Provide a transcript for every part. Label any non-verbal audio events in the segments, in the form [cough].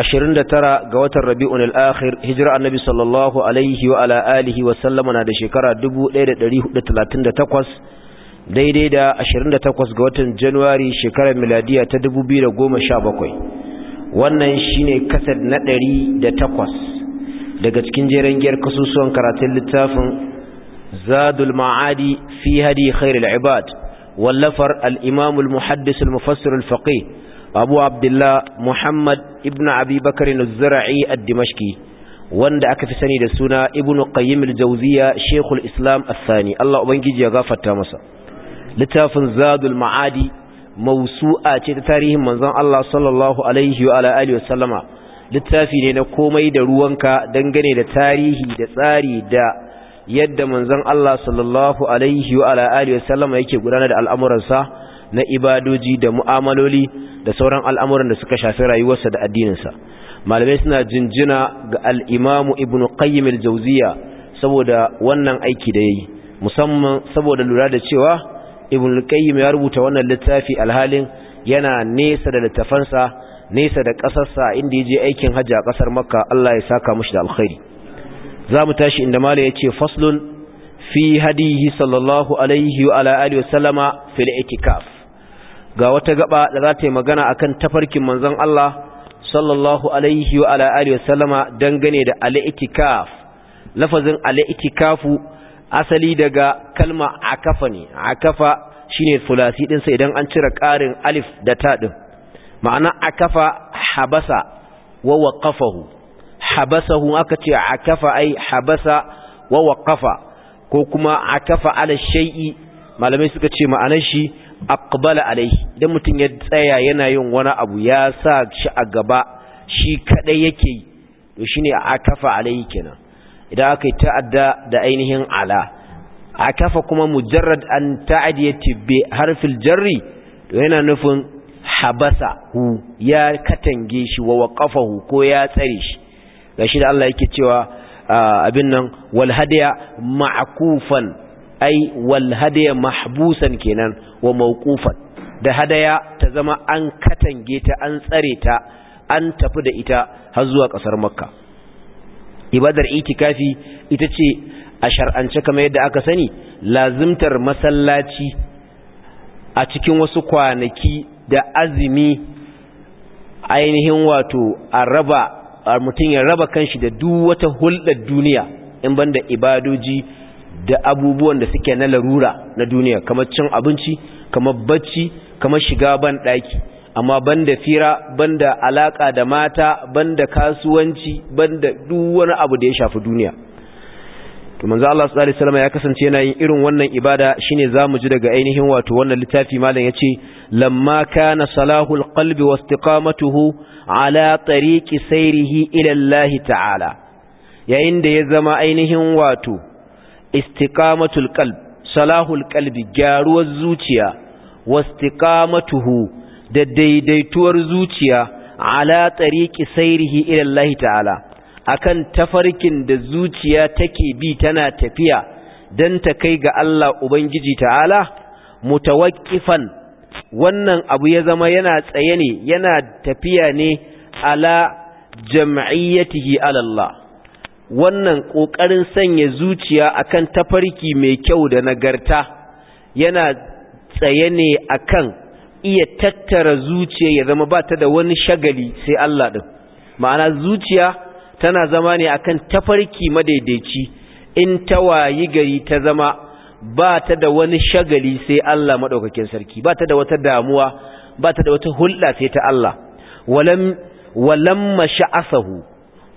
ashirin da tara ga watan rabi'un al'akhir hijira annabi sallallahu alaihi wa ala alihi wa sallama na da shekara dubu ɗaya da ɗari hudu talatin da takwas daidai da ashirin da takwas ga watan january shekarar miladiya ta dubu biyu da goma sha bakwai wannan shine kasar na ɗari da takwas daga cikin jeren giyar kasusuwan karatun littafin zadul ma'adi fi hadi khairul ibad wallafar al-imamul muhaddis al-mufassir al-faqih abu abdullah muhammad ibn abi bakarin zura'i ad-dimashki wanda aka fi sani da suna ibn qayyim al-jawziya shaykhul islam as-sani Allah ubangiji ya gafarta masa littafin zadul ma'adi mawsu'a ce ta tarihin manzon Allah sallallahu alaihi wa alihi wasallama littafi ne na komai da ruwanka dangane da tarihi da tsari da yadda manzon Allah sallallahu alaihi wa alihi wasallama yake gudanar da al'amuransa na ibadoji da mu'amaloli da sauran al'amuran da suka shafi rayuwarsa da addininsa malamai suna jinjina ga al'imamu ibn qayyim al-jawziya saboda wannan aiki da yayi musamman saboda lura da cewa ibn qayyim ya rubuta wannan littafi alhalin yana nesa da littafansa nesa da ƙasarsa inda ya je aikin hajji a ƙasar makka Allah ya saka mushi da alkhairi za mu tashi inda Malam ya ce faslun fi hadihi sallallahu alaihi wa ala alihi wa sallama fil itikaf ga wata gaba da za ta yi magana a kan tafarkin manzon Allah sallallahu alaihi wa ala dangane da al lafazin asali daga kalma akafa ne shi ne fulasi ɗinsa idan an cire ƙarin alif da taɗin din ma'ana kafa habasa wa habasa habasahu aka ce a kafa ai habasa wa waqafa ko kuma a ala shay'i malamai suka ce ma'anar shi aqbala alaihi idan mutum ya tsaya yana yin wani abu ya sa shi a gaba shi kadai yake to shine akafa alaihi kenan idan aka yi ta'adda da ainihin ala akafa kuma mujarrad an ta'adiyati bi harfil jarri to yana nufin habasa hu ya katange shi wa waqafahu ko ya tsare shi gashi da Allah yake cewa abin nan wal hadiya ma'kufan ai wal hadaya mahbusan kenan wa mawqufan da hadaya ta zama an katange ta an tsare ta an tafi da ita har zuwa kasar makka ibadar itikafi ita ce a shar'ance kamar yadda aka sani lazimtar masallaci a cikin wasu kwanaki da azumi ainihin wato a raba mutum ya raba kanshi da duk wata hulɗar duniya in banda ibadoji da abubuwan da suke na larura na duniya kamar cin abinci kamar bacci kamar shiga ban ɗaki amma banda fira banda alaƙa da mata banda kasuwanci banda duk wani abu da ya shafi duniya to manzo Allah sallallahu alaihi wasallam ya kasance yana yin irin wannan ibada shine zamu ji daga ainihin wato wannan littafi malam yace lamma kana salahul qalbi wastiqamatuhu ala tariqi sayrihi ila Allah ta'ala yayin da ya zama ainihin wato istiqamatul qalb salahul qalbi gyaruwar zuciya wastiqamatuhu da daidaituwar zuciya ala tariqi sayrihi ila Allah ta'ala akan tafarkin da zuciya take bi tana tafiya dan ta kai ga Allah ubangiji ta'ala mutawaqqifan wannan abu ya zama yana tsaye ne yana tafiya ne ala jam'iyyatihi ala Allah wannan ƙoƙarin sanya zuciya akan tafarki mai kyau da nagarta yana tsaye ne akan iya tattara zuciya ya zama ba ta da wani shagali sai Allah ɗin ma'ana zuciya tana zama ne akan tafarki madaidaici in ta wayi gari ta zama ba ta da wani shagali sai Allah maɗaukakin sarki ba ta da wata damuwa ba ta da wata hulɗa sai ta Allah walam walamma sha'asahu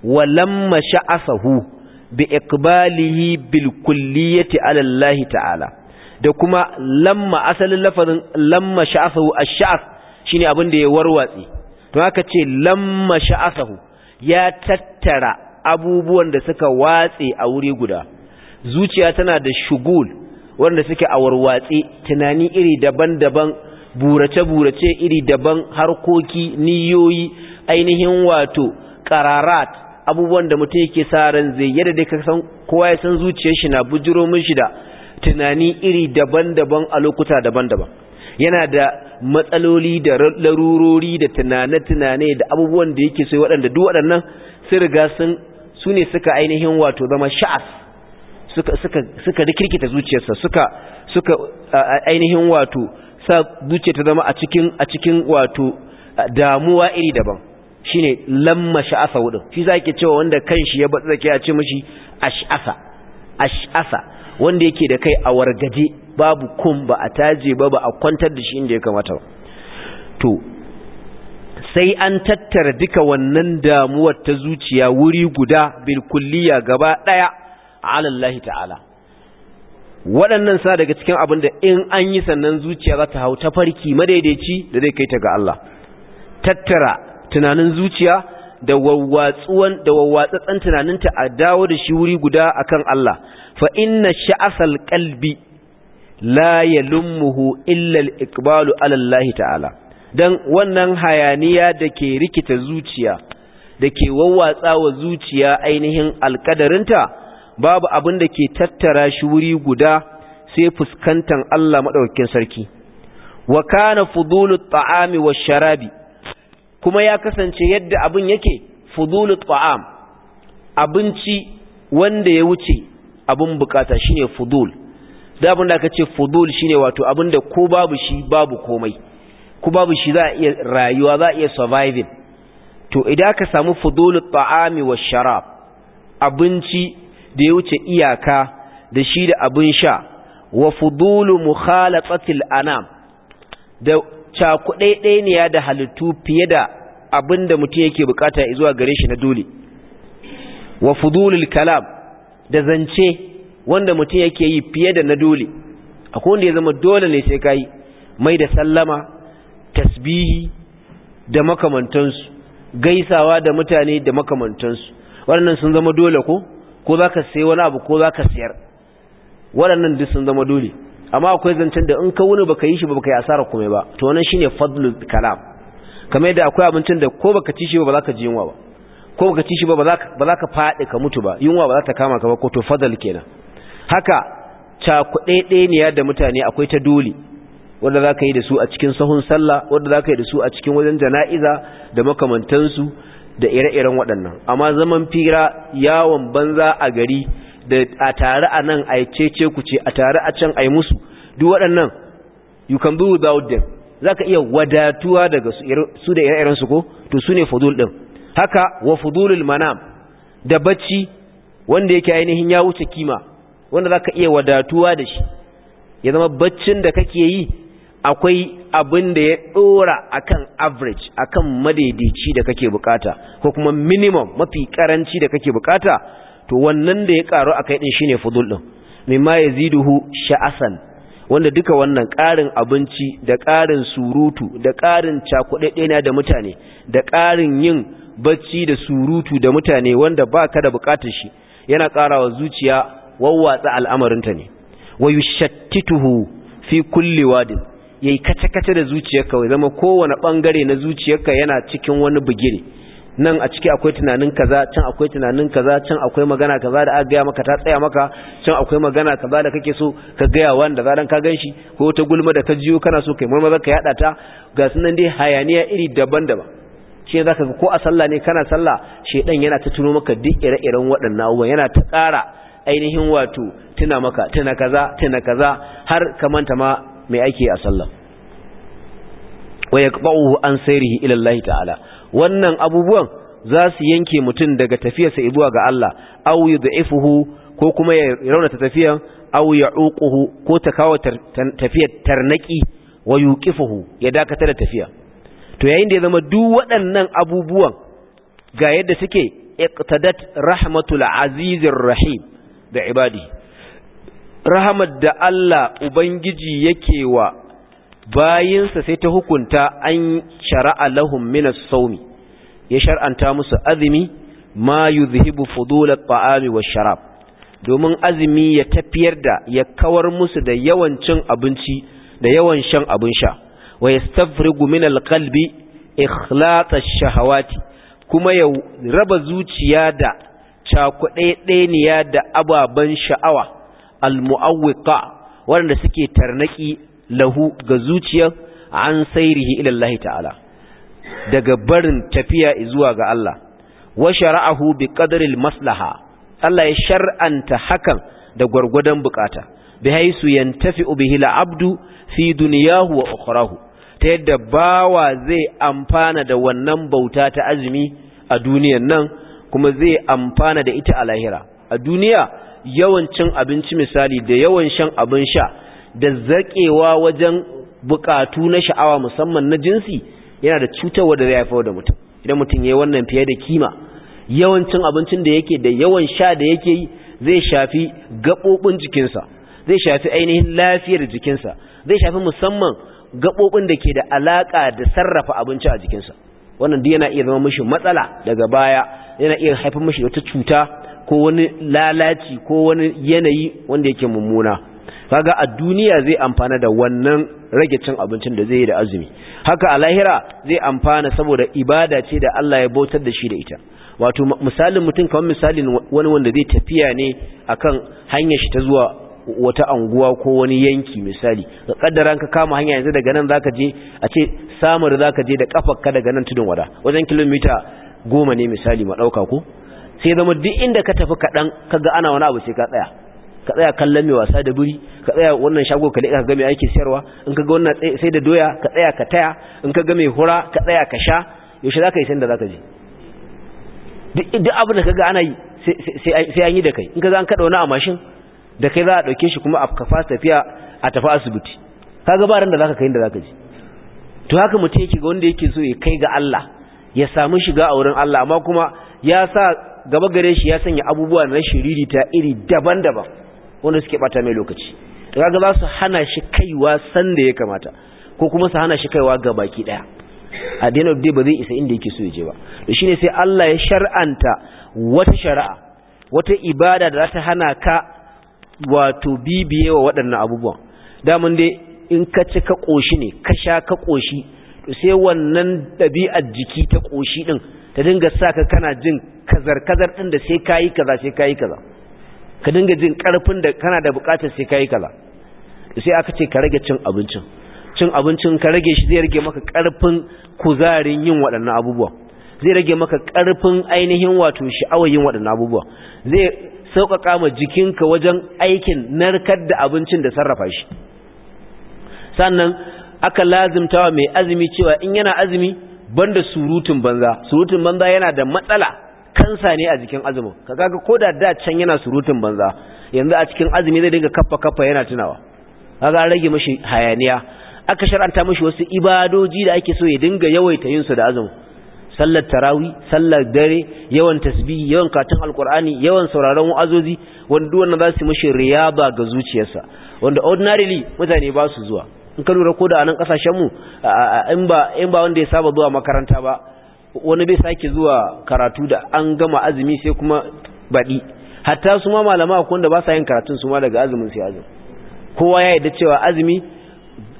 walamma sha'asahu bi ikbalihi bil kulliyati ala Allah ta'ala da kuma lamma asalin lafazin lamma sha'asahu ash-sha'as shine abin da ya warwatse to haka ce lamma sha'asahu ya tattara abubuwan da suka watse a wuri guda zuciya tana da shugul wanda suke a warwatse tunani iri daban-daban burace-burace iri daban harkoki niyoyi ainihin wato qararat abubuwan da mutum yake sa ran zai yadda dai ka san kowa ya san zuciyar shi na bujiro min shi da tunani iri daban-daban a lokuta daban-daban yana da matsaloli da larurori da tunane-tunane da abubuwan da yake sai waɗanda duk waɗannan sun riga sun su ne suka ainihin wato zama sha'as suka suka suka rikirkita zuciyarsa suka suka ainihin wato sa zuciya ta zama a cikin a cikin wato damuwa iri daban shine lamma asa wudin shi zaki cewa wanda kanshi ya batsa ke a ce mishi ash'asa ash'asa wanda yake da kai a wargaje babu kun ba a taje ba ba a kwantar da shi inda ya kamata ba to sai an tattara duka wannan damuwar ta zuciya wuri guda bil kulliya gaba daya ala Allah ta'ala waɗannan sa daga cikin abin da in an yi sannan zuciya za ta hau ta farki madaidaici da zai kai ta ga Allah tattara tunanin zuciya da wawwatsuwan da wawwatsatsan tunaninta a dawo da shi wuri guda akan Allah fa inna sha'asal qalbi la yalummuhu illa al-iqbalu ala Allah ta'ala dan wannan hayaniya da ke rikita zuciya da ke wawwatsawa zuciya ainihin alkadarinta babu abin da ke tattara shi wuri guda sai fuskantar Allah madaukakin sarki wa kana fudulu ta'ami wash sharabi kuma ya kasance yadda abin yake fudulu ta'am abinci wanda ya wuce abin bukata shine fudul da abin da aka ce fudul shine wato abin da ko babu shi babu komai ko babu shi za a iya rayuwa za a iya surviving to idan aka samu fudulu ta'ami wa sharab abinci da ya wuce iyaka da shi da abin sha wa fudulu mukhalafatil anam da ɗaiɗai ne ya da halittu fiye da abin da mutum yake bukata zuwa gare shi na dole wa fudulul kalam da zance wanda mutum yake yi fiye da na dole akwai wanda ya zama dole ne sai ka yi, mai da sallama tasbihi da makamantansu gaisawa da mutane da makamantansu waɗannan sun zama dole ko ko ka sayi wani abu ko za ka sayar, waɗannan duk sun zama dole amma akwai zancen da in ka wuni baka yi shi ba baka yi asara kuma ba to wannan shine fadlul kalam kamar yadda akwai abincin da ko baka ci shi ba ba za ka ji yunwa ba ko baka ci shi ba ba za ka faɗi ka mutu ba yunwa ba za ta kama ka ba ko to fadl kenan haka cakuɗaɗɗeniya da mutane akwai ta dole wanda za ka yi da su a cikin sahun sallah wanda za ka yi da su a cikin wajen jana'iza da makamantansu da ire-iren waɗannan amma zaman fira yawon banza a gari da a tare a nan a cece ku ce a tare a can a yi musu duk waɗannan you can do without them za ka iya wadatuwa daga su da ire ko to su ne fudul ɗin haka wa fudulul manam da bacci wanda yake ainihin ya wuce kima wanda za ka iya wadatuwa da shi ya zama baccin da kake yi akwai abin da ya ɗora a kan average a kan madaidaici da kake bukata ko kuma minimum mafi karanci da kake bukata to wannan da ya karu kai din shine fudul din mimma yaziduhu sha'asan wanda duka wannan karin abinci da ƙarin surutu da ƙarin na da mutane da ƙarin yin bacci da surutu da mutane wanda ba ka da bukatar shi yana ƙarawa zuciya wawwatsa al'amarinta ne wa fi kulli wadin yayi kace-kace da zuciyarka wai zama kowane bangare na zuciyarka yana cikin wani bugire nan a ciki akwai tunanin kaza can akwai tunanin kaza can akwai magana kaza da aka gaya maka ta tsaya maka can akwai magana kaza da kake so ka gaya wanda zaran ka ganshi ko ta gulma da ka jiyo kana so kai marmaza ka yada ta ga sunan dai hayaniya iri daban-daban shi zaka ga ko a sallah ne kana sallah shedan yana ta tuno maka duk ire-iren waɗannan abubuwan yana ta ƙara ainihin wato tuna maka tuna kaza tuna kaza har ka manta ma mai ake a sallah wa yaqba'uhu an sayrihi ila Allah ta'ala wannan abubuwan za su yanke mutum daga tafiyarsa zuwa ga Allah aw yud'ifuhu ko kuma ya raunata tafiyan aw ya'uquhu ko ta kawo tafiyar tarnaki wa yuqifuhu ya dakatar da tafiya to yayin da ya zama duk waɗannan abubuwan ga yadda suke iqtadat rahmatul azizir rahim da ibadi rahmat da Allah ubangiji yake wa bayinsa sai ta hukunta an shara'a lahum min as-sawmi ya shar'anta musu azumi ma yuzhibu fudul at-ta'ami wash-sharab domin azumi ya tafiyar da ya kawar musu da yawan cin abinci da yawan shan abin sha wa yastafrigu min al-qalbi ikhlat ash-shahawati kuma ya raba zuciya da cakuɗaɗɗeniya da ababen sha'awa al-mu'awwiqa waɗanda suke tarnaki lahu ga zuciyar an sairihi ilallahi ta'ala daga barin tafiya zuwa ga Allah wa shara'ahu bi qadril maslaha Allah ya shar'anta hakan da gwargwadon bukata bi haisu yantafi'u bihi al-abdu fi duniyahu wa ukhrahu ta yadda bawa zai amfana da wannan bauta ta azumi a duniyar nan kuma zai amfana da ita a lahira a duniya yawan cin abinci misali da yawan shan abin sha da zaƙewa wajen buƙatu na sha'awa musamman na jinsi yana da cutarwa da zai haifar da mutum idan mutum ya yi wannan fiye da kima yawancin abincin da yake da yawan sha da yake yi zai shafi gaɓoɓin jikinsa zai shafi ainihin lafiyar jikinsa zai shafi musamman gaɓoɓin da ke da alaƙa da sarrafa abinci a jikinsa wannan duk yana iya zama mishi matsala daga baya yana iya haifar mishi wata cuta ko wani lalaci ko wani yanayi wanda yake mummuna kaga a duniya zai amfana da wannan rage cin abincin da zai yi da azumi haka a lahira zai amfana saboda ibada ce da Allah ya bautar da shi da ita wato misalin mutum kamar misalin wani wanda zai tafiya ne akan hanyar shi ta zuwa wata anguwa ko wani yanki misali ka kaddara ka kama hanya yanzu daga nan zaka je a ce samar zaka je da ka daga nan tudun wada wajen kilomita goma ne misali ma dauka ko sai zama duk inda ka tafi kaɗan kaga ana wani abu sai ka tsaya ka tsaya kallon mai wasa da buri ka tsaya wannan shago ka leka ka ga aiki sayarwa in ka ga wannan sai da doya ka tsaya ka taya in ka ga hura ka tsaya ka sha yaushe ka yi sanda ka je duk abin da ga ana yi sai an yi da kai in ka za an kaɗa wani a mashin da kai za a ɗauke shi kuma a kafa tafiya a tafi asibiti Ka ga ba ran da ka kai inda ka je to haka mutum yake ga wanda yake so ya kai ga Allah ya samu shiga a wurin Allah amma kuma ya sa gaba gare shi ya sanya abubuwa na shiririta iri daban-daban wanda suke bata mai lokaci kaga za su hana shi kaiwa sanda ya kamata ko kuma su hana shi kaiwa ga baki daya a the da ba zai isa inda yake so ya je ba to shine sai Allah ya shar'anta wata shari'a wata ibada da za ta hana ka wato bibiye wa waɗannan abubuwan mun dai in ka ci ka ƙoshi ne ka sha ka koshi to sai wannan ɗabi'ar jiki ta ƙoshi ɗin ta dinga sa ka kana jin kazar-kazar ɗin da sai kayi kaza sai kayi kaza ka dinga jin karfin da kana da bukatar sai kai kaza sai aka ce ka rage cin abincin cin abincin ka rage shi zai rage maka karfin kuzarin yin waɗannan abubuwa zai rage maka karfin ainihin wato sha'awar yin waɗannan abubuwa zai sauƙaƙa ma jikinka wajen aikin narkar da abincin da sarrafa shi sannan aka lazimtawa mai azumi cewa in yana azumi banda surutun banza surutun banza yana da matsala kansa ne a jikin azumin ka kaga ko da da can yana surutun banza yanzu a cikin azumi zai dinga kaffa kaffa yana tunawa kaga rage mishi hayaniya aka shar'anta mashi wasu ibadoji da ake so ya dinga yawaita yin su da azumi sallar tarawi sallar dare yawan tasbihi yawan katin alkur'ani yawan sauraron wa'azozi wanda duk wannan za su mashi riyaba ga zuciyarsa wanda ordinarily mutane ba su zuwa in ka lura ko da anan kasashen mu in ba in ba wanda ya saba zuwa makaranta ba wani bai sake zuwa karatu da an gama azumi sai kuma baɗi hatta su ma malama akwai wanda ba sa yin karatun su ma daga azumin sai azumi kowa ya yarda cewa azumi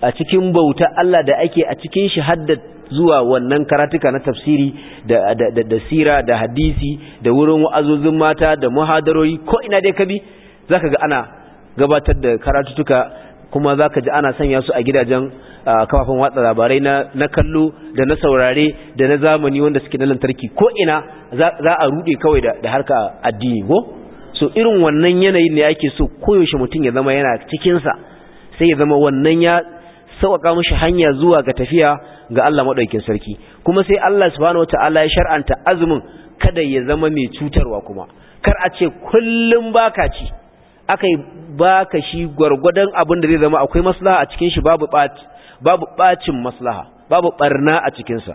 a cikin bauta Allah da ake a cikin shi hadda zuwa wannan karatuka na tafsiri da, da, da, da sira da hadisi da wurin wa'azozin mata da muhadarori ko ina dai ka kabi zaka ga ana gabatar da karatutuka kuma zaka ji ana sanya su a gidajen kafafen watsa labarai na kallo da na saurare da na zamani wanda suke na lantarki ko ina za a rude kawai da harka addini ko so irin wannan yanayin ne ake so koyaushe mutum ya zama yana cikinsa sai ya zama wannan ya sauka mashi hanya zuwa ga tafiya ga Allah maɗaukin sarki kuma sai Allah subhanahu wata'ala ya shar'anta azumin kada ya zama mai cutarwa kuma kar a ce kullum baka ci aka yi baka shi gwargwadon abin da zai zama akwai maslaha a cikin shi babu ɓaci babu ɓacin maslaha babu ɓarna a cikinsa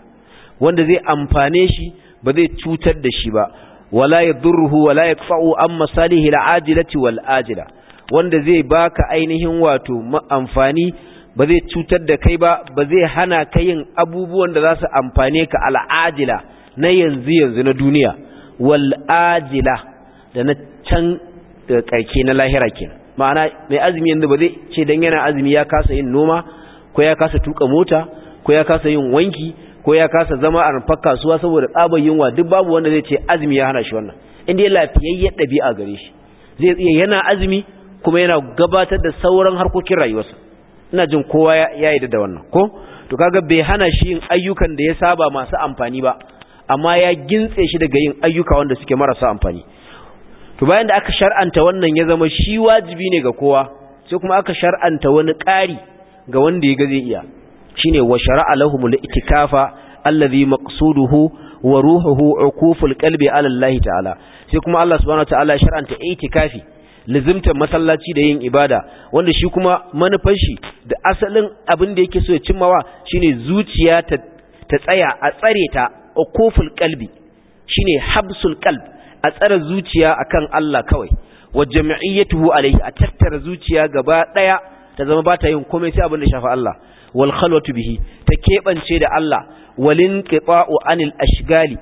wanda zai amfane shi ba zai cutar da shi ba wala ya durruhu wala ya fa'o an masalihi la'ajilati wal ajila wanda zai baka ainihin wato amfani ba zai cutar da kai ba ba zai hana ka yin abubuwan da za su amfane ka al'ajila na yanzu yanzu na duniya wal ajila da na can da karke na lahira ke. ma'ana mai azumi yanzu ba zai ce dan yana azumi ya kasa yin noma ko ya kasa tuka mota ko ya kasa yin wanki ko ya kasa zama a rufar kasuwa saboda tsabar yunwa duk babu wanda zai ce azumi ya hana shi wannan inda ya lafiyayya ɗabi'a gare shi zai iya yana azumi kuma yana gabatar da sauran harkokin rayuwarsa ina jin kowa ya yi da wannan ko to kaga bai hana shi yin ayyukan da ya saba masu amfani ba amma ya gintse shi daga yin ayyuka wanda suke marasa amfani to bayan da aka shar'anta wannan ya zama shi wajibi ne ga kowa sai kuma aka shar'anta wani ƙari ga wanda ya ga zai iya shine wa shar'a lahum al-itikafa allazi maqsuduhu wa ruhuhu uquful qalbi ala Allah ta'ala sai kuma Allah subhanahu ta'ala shar'anta itikafi lazimta masallaci da yin ibada wanda shi kuma manufar da asalin abin da yake so ya cimmawa shine zuciya ta ta tsaya a tsare ta uquful qalbi shine habsul qalb a tsare zuciya akan Allah kawai wa jami'iyyatuhu alayhi a tattara zuciya gaba daya ta zama ba ta yin komai sai abin da shafa Allah wal khalwatu bihi ta kebance da Allah walin qita'u anil ashgali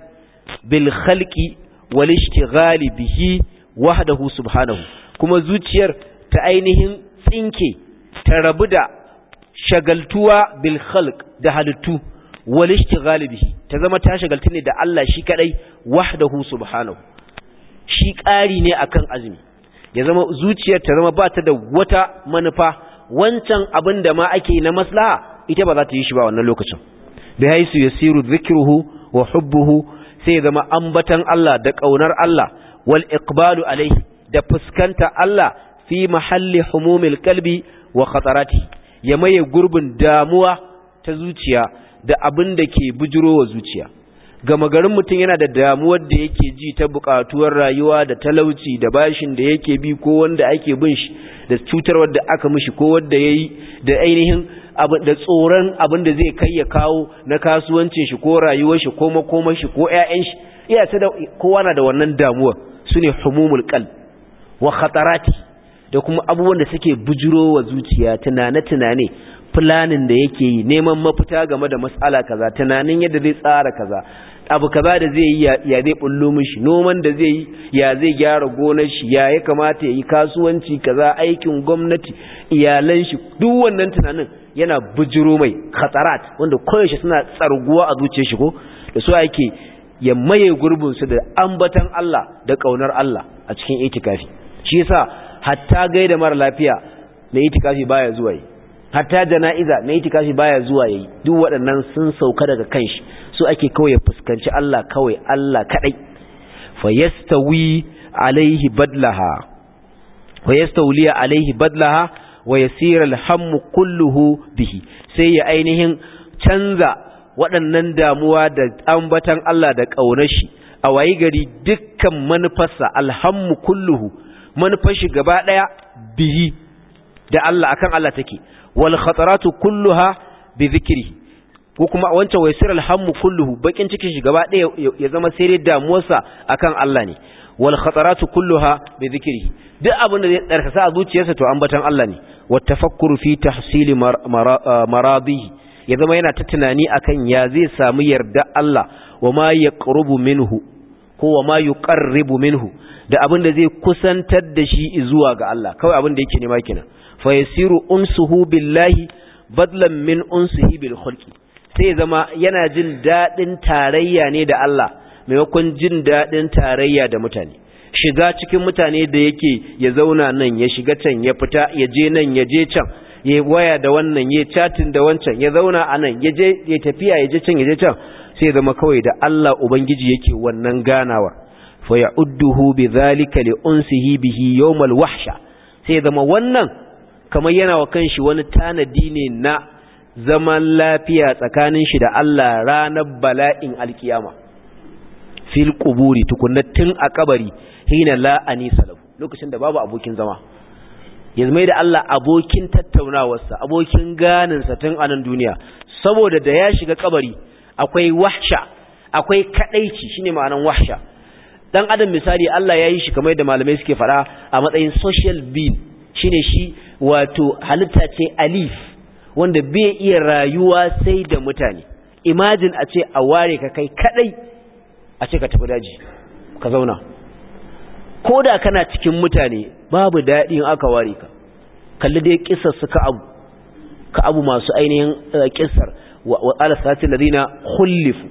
bil khalqi wal ishtighali bihi wahdahu subhanahu kuma zuciyar ta ainihin tsinke ta rabu da shagaltuwa bil khalq da halittu wal ishtighali bihi ta zama ta shagaltu ne da Allah shi kadai wahdahu subhanahu shi ƙari ne akan azumi ya zama zuciyar ta zama ba ta da wata manufa wancan abin da ma ake na maslaha ita ba za ta yi shi ba wannan lokacin bi haisu yasiru dhikruhu wa hubbuhu sai ya zama ambatan Allah da kaunar Allah wal iqbalu alaihi da fuskanta Allah fi mahalli humumil kalbi wa khatarati ya maye gurbin damuwa ta zuciya da abin da ke bujiro wa zuciya gama garin mutum yana da damuwar da yake ji ta bukatuwar rayuwa da talauci da bashin da yake bi ko wanda ake bin shi da cutar wadda aka mishi ko wadda ya yi da ainihin da tsoron abin da zai kai ya kawo na kasuwancin shi ko rayuwar shi ko makomar shi ko ƴaƴan shi iya ta da kowa na da wannan damuwar sune humumul qal wa khatarati da kuma abubuwan da suke bujiro wa zuciya tunane tunane planning da yake yi neman mafita game da matsala kaza tunanin yadda zai tsara kaza abu kaza da zai yi ya zai bullo mishi noman da zai yi ya zai gyara gonar shi ya ya kamata ya yi kasuwanci kaza aikin gwamnati iyalan shi duk wannan tunanin yana bujiro mai khatarat wanda koyaushe suna tsarguwa a zuciyar shi ko da su ake ya maye gurbin su da ambatan Allah da kaunar Allah a cikin itikafi shi yasa hatta gaida mara lafiya na itikafi baya zuwa yi hatta jana'iza mai itikafi baya zuwa yayi duk waɗannan sun sauka daga kanshi su ake kawai ya fuskanci Allah kawai Allah kadai yastawi alaihi badlaha yastawli alaihi badlaha wa yasira alhammu kulluhu bihi sai ya ainihin canza waɗannan damuwa da ambatan Allah da ƙaunar shi a wayi gari dukkan manufarsa alhammu kulluhu manufar shi gaba ɗaya bihi da Allah akan Allah take wal khataratu kulluha bi dhikri ko kuma wancan waysir al hammu kulluhu bakin cikin shi gaba daya ya zama sai dai damuwarsa akan Allah ne wal khataratu kulluha bi dhikri duk abin da zai tsarkasa a zuciyarsa to ambatan Allah ne wat tafakkuru fi tahsili maradihi ya zama yana ta tunani akan ya zai samu yarda Allah wa ma yaqrubu minhu ko wa ma yuqarribu minhu da abin da zai kusantar da shi zuwa ga Allah kawai abin da yake nema kenan fa yasiru unsuhu billahi badlan min unsuhi bil khulqi sai zama yana jin dadin tarayya ne da Allah maimakon jin dadin tarayya da mutane shiga cikin mutane da yake ya zauna nan ya shiga can ya fita ya je nan ya je can ya waya da wannan ya chatin da wancan ya zauna a nan ya je ya tafiya ya je can ya je can sai zama kawai da Allah ubangiji yake wannan ganawar fa bi zalika li unsihi bihi yawmal wahsha sai zama wannan kamar yana wa kanshi wani tanadi ne na zaman lafiya tsakanin shi da Allah ranar bala'in alkiyama fil quburi tukunna tun a kabari hina la anisa lokacin da babu abokin zama yanzu mai da Allah abokin tattaunawarsa abokin sa tun a nan duniya saboda da ya shiga kabari akwai wahsha akwai kadaici shine ma'anan wahsha dan adam misali Allah ya yi shi kamar da malamai suke fara a matsayin social being shine shi wato halitta ce alif wanda bai iya rayuwa sai da mutane imagine a ce a ware ka kai kadai a ce ka tafi daji ka zauna ko da kana cikin mutane babu daɗi in aka ware ka kalli dai kissar su ka abu ka abu masu ainihin kissar eh, wa ala ladina alladhina khulifu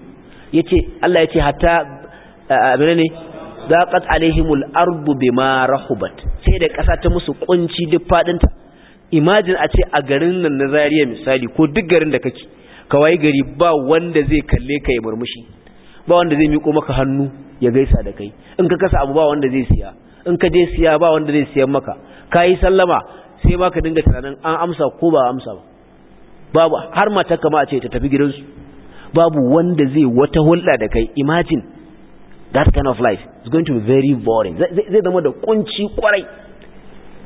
yace Allah yace hatta abin ne zaqat alaihimul ardu bima rahubat sai da kasa ta musu kunci duk fadin ta imagine a ce a garin nan na zariya misali ko duk garin da kake ka wayi gari ba wanda zai kalle ka ya murmushi ba wanda zai miƙo maka hannu ya gaisa da kai in ka kasa abu ba wanda zai siya in ka je siya ba wanda zai siyan maka ka yi sallama sai baka dinga tunanin an amsa ko ba amsa ba babu har mata kama a ce ta tafi gidansu babu wanda zai wata hulɗa da kai imagine that kind of life is going to be very boring zai zama da kunci kwarai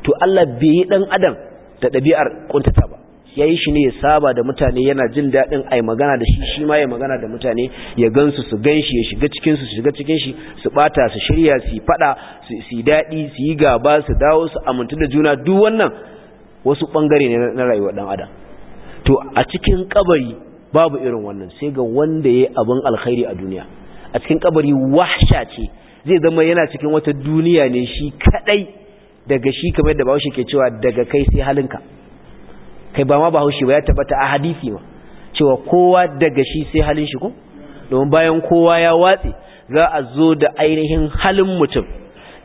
to Allah bai yi dan adam da ɗabi'ar kuntata ba yayi yi shi ne ya saba da mutane yana jin daɗin ai magana da shi shi ma ya magana da mutane ya gansu su gan shi ya shiga cikinsu su shiga cikin shi su bata su shirya su faɗa su yi daɗi su yi gaba su dawo su amintu da juna duk wannan wasu ɓangare ne na rayuwar ɗan adam to a cikin kabari babu irin wannan sai ga wanda ya yi abin alkhairi a duniya a cikin kabari wahsha ce zai zama yana cikin wata duniya ne shi kadai daga shi kamar da bahaushe ke cewa daga kai sai halinka kai ba ma bahaushe ba ya tabbata a hadisi ma cewa kowa daga shi sai halin shi ko domin bayan kowa ya watse za a zo da ainihin halin mutum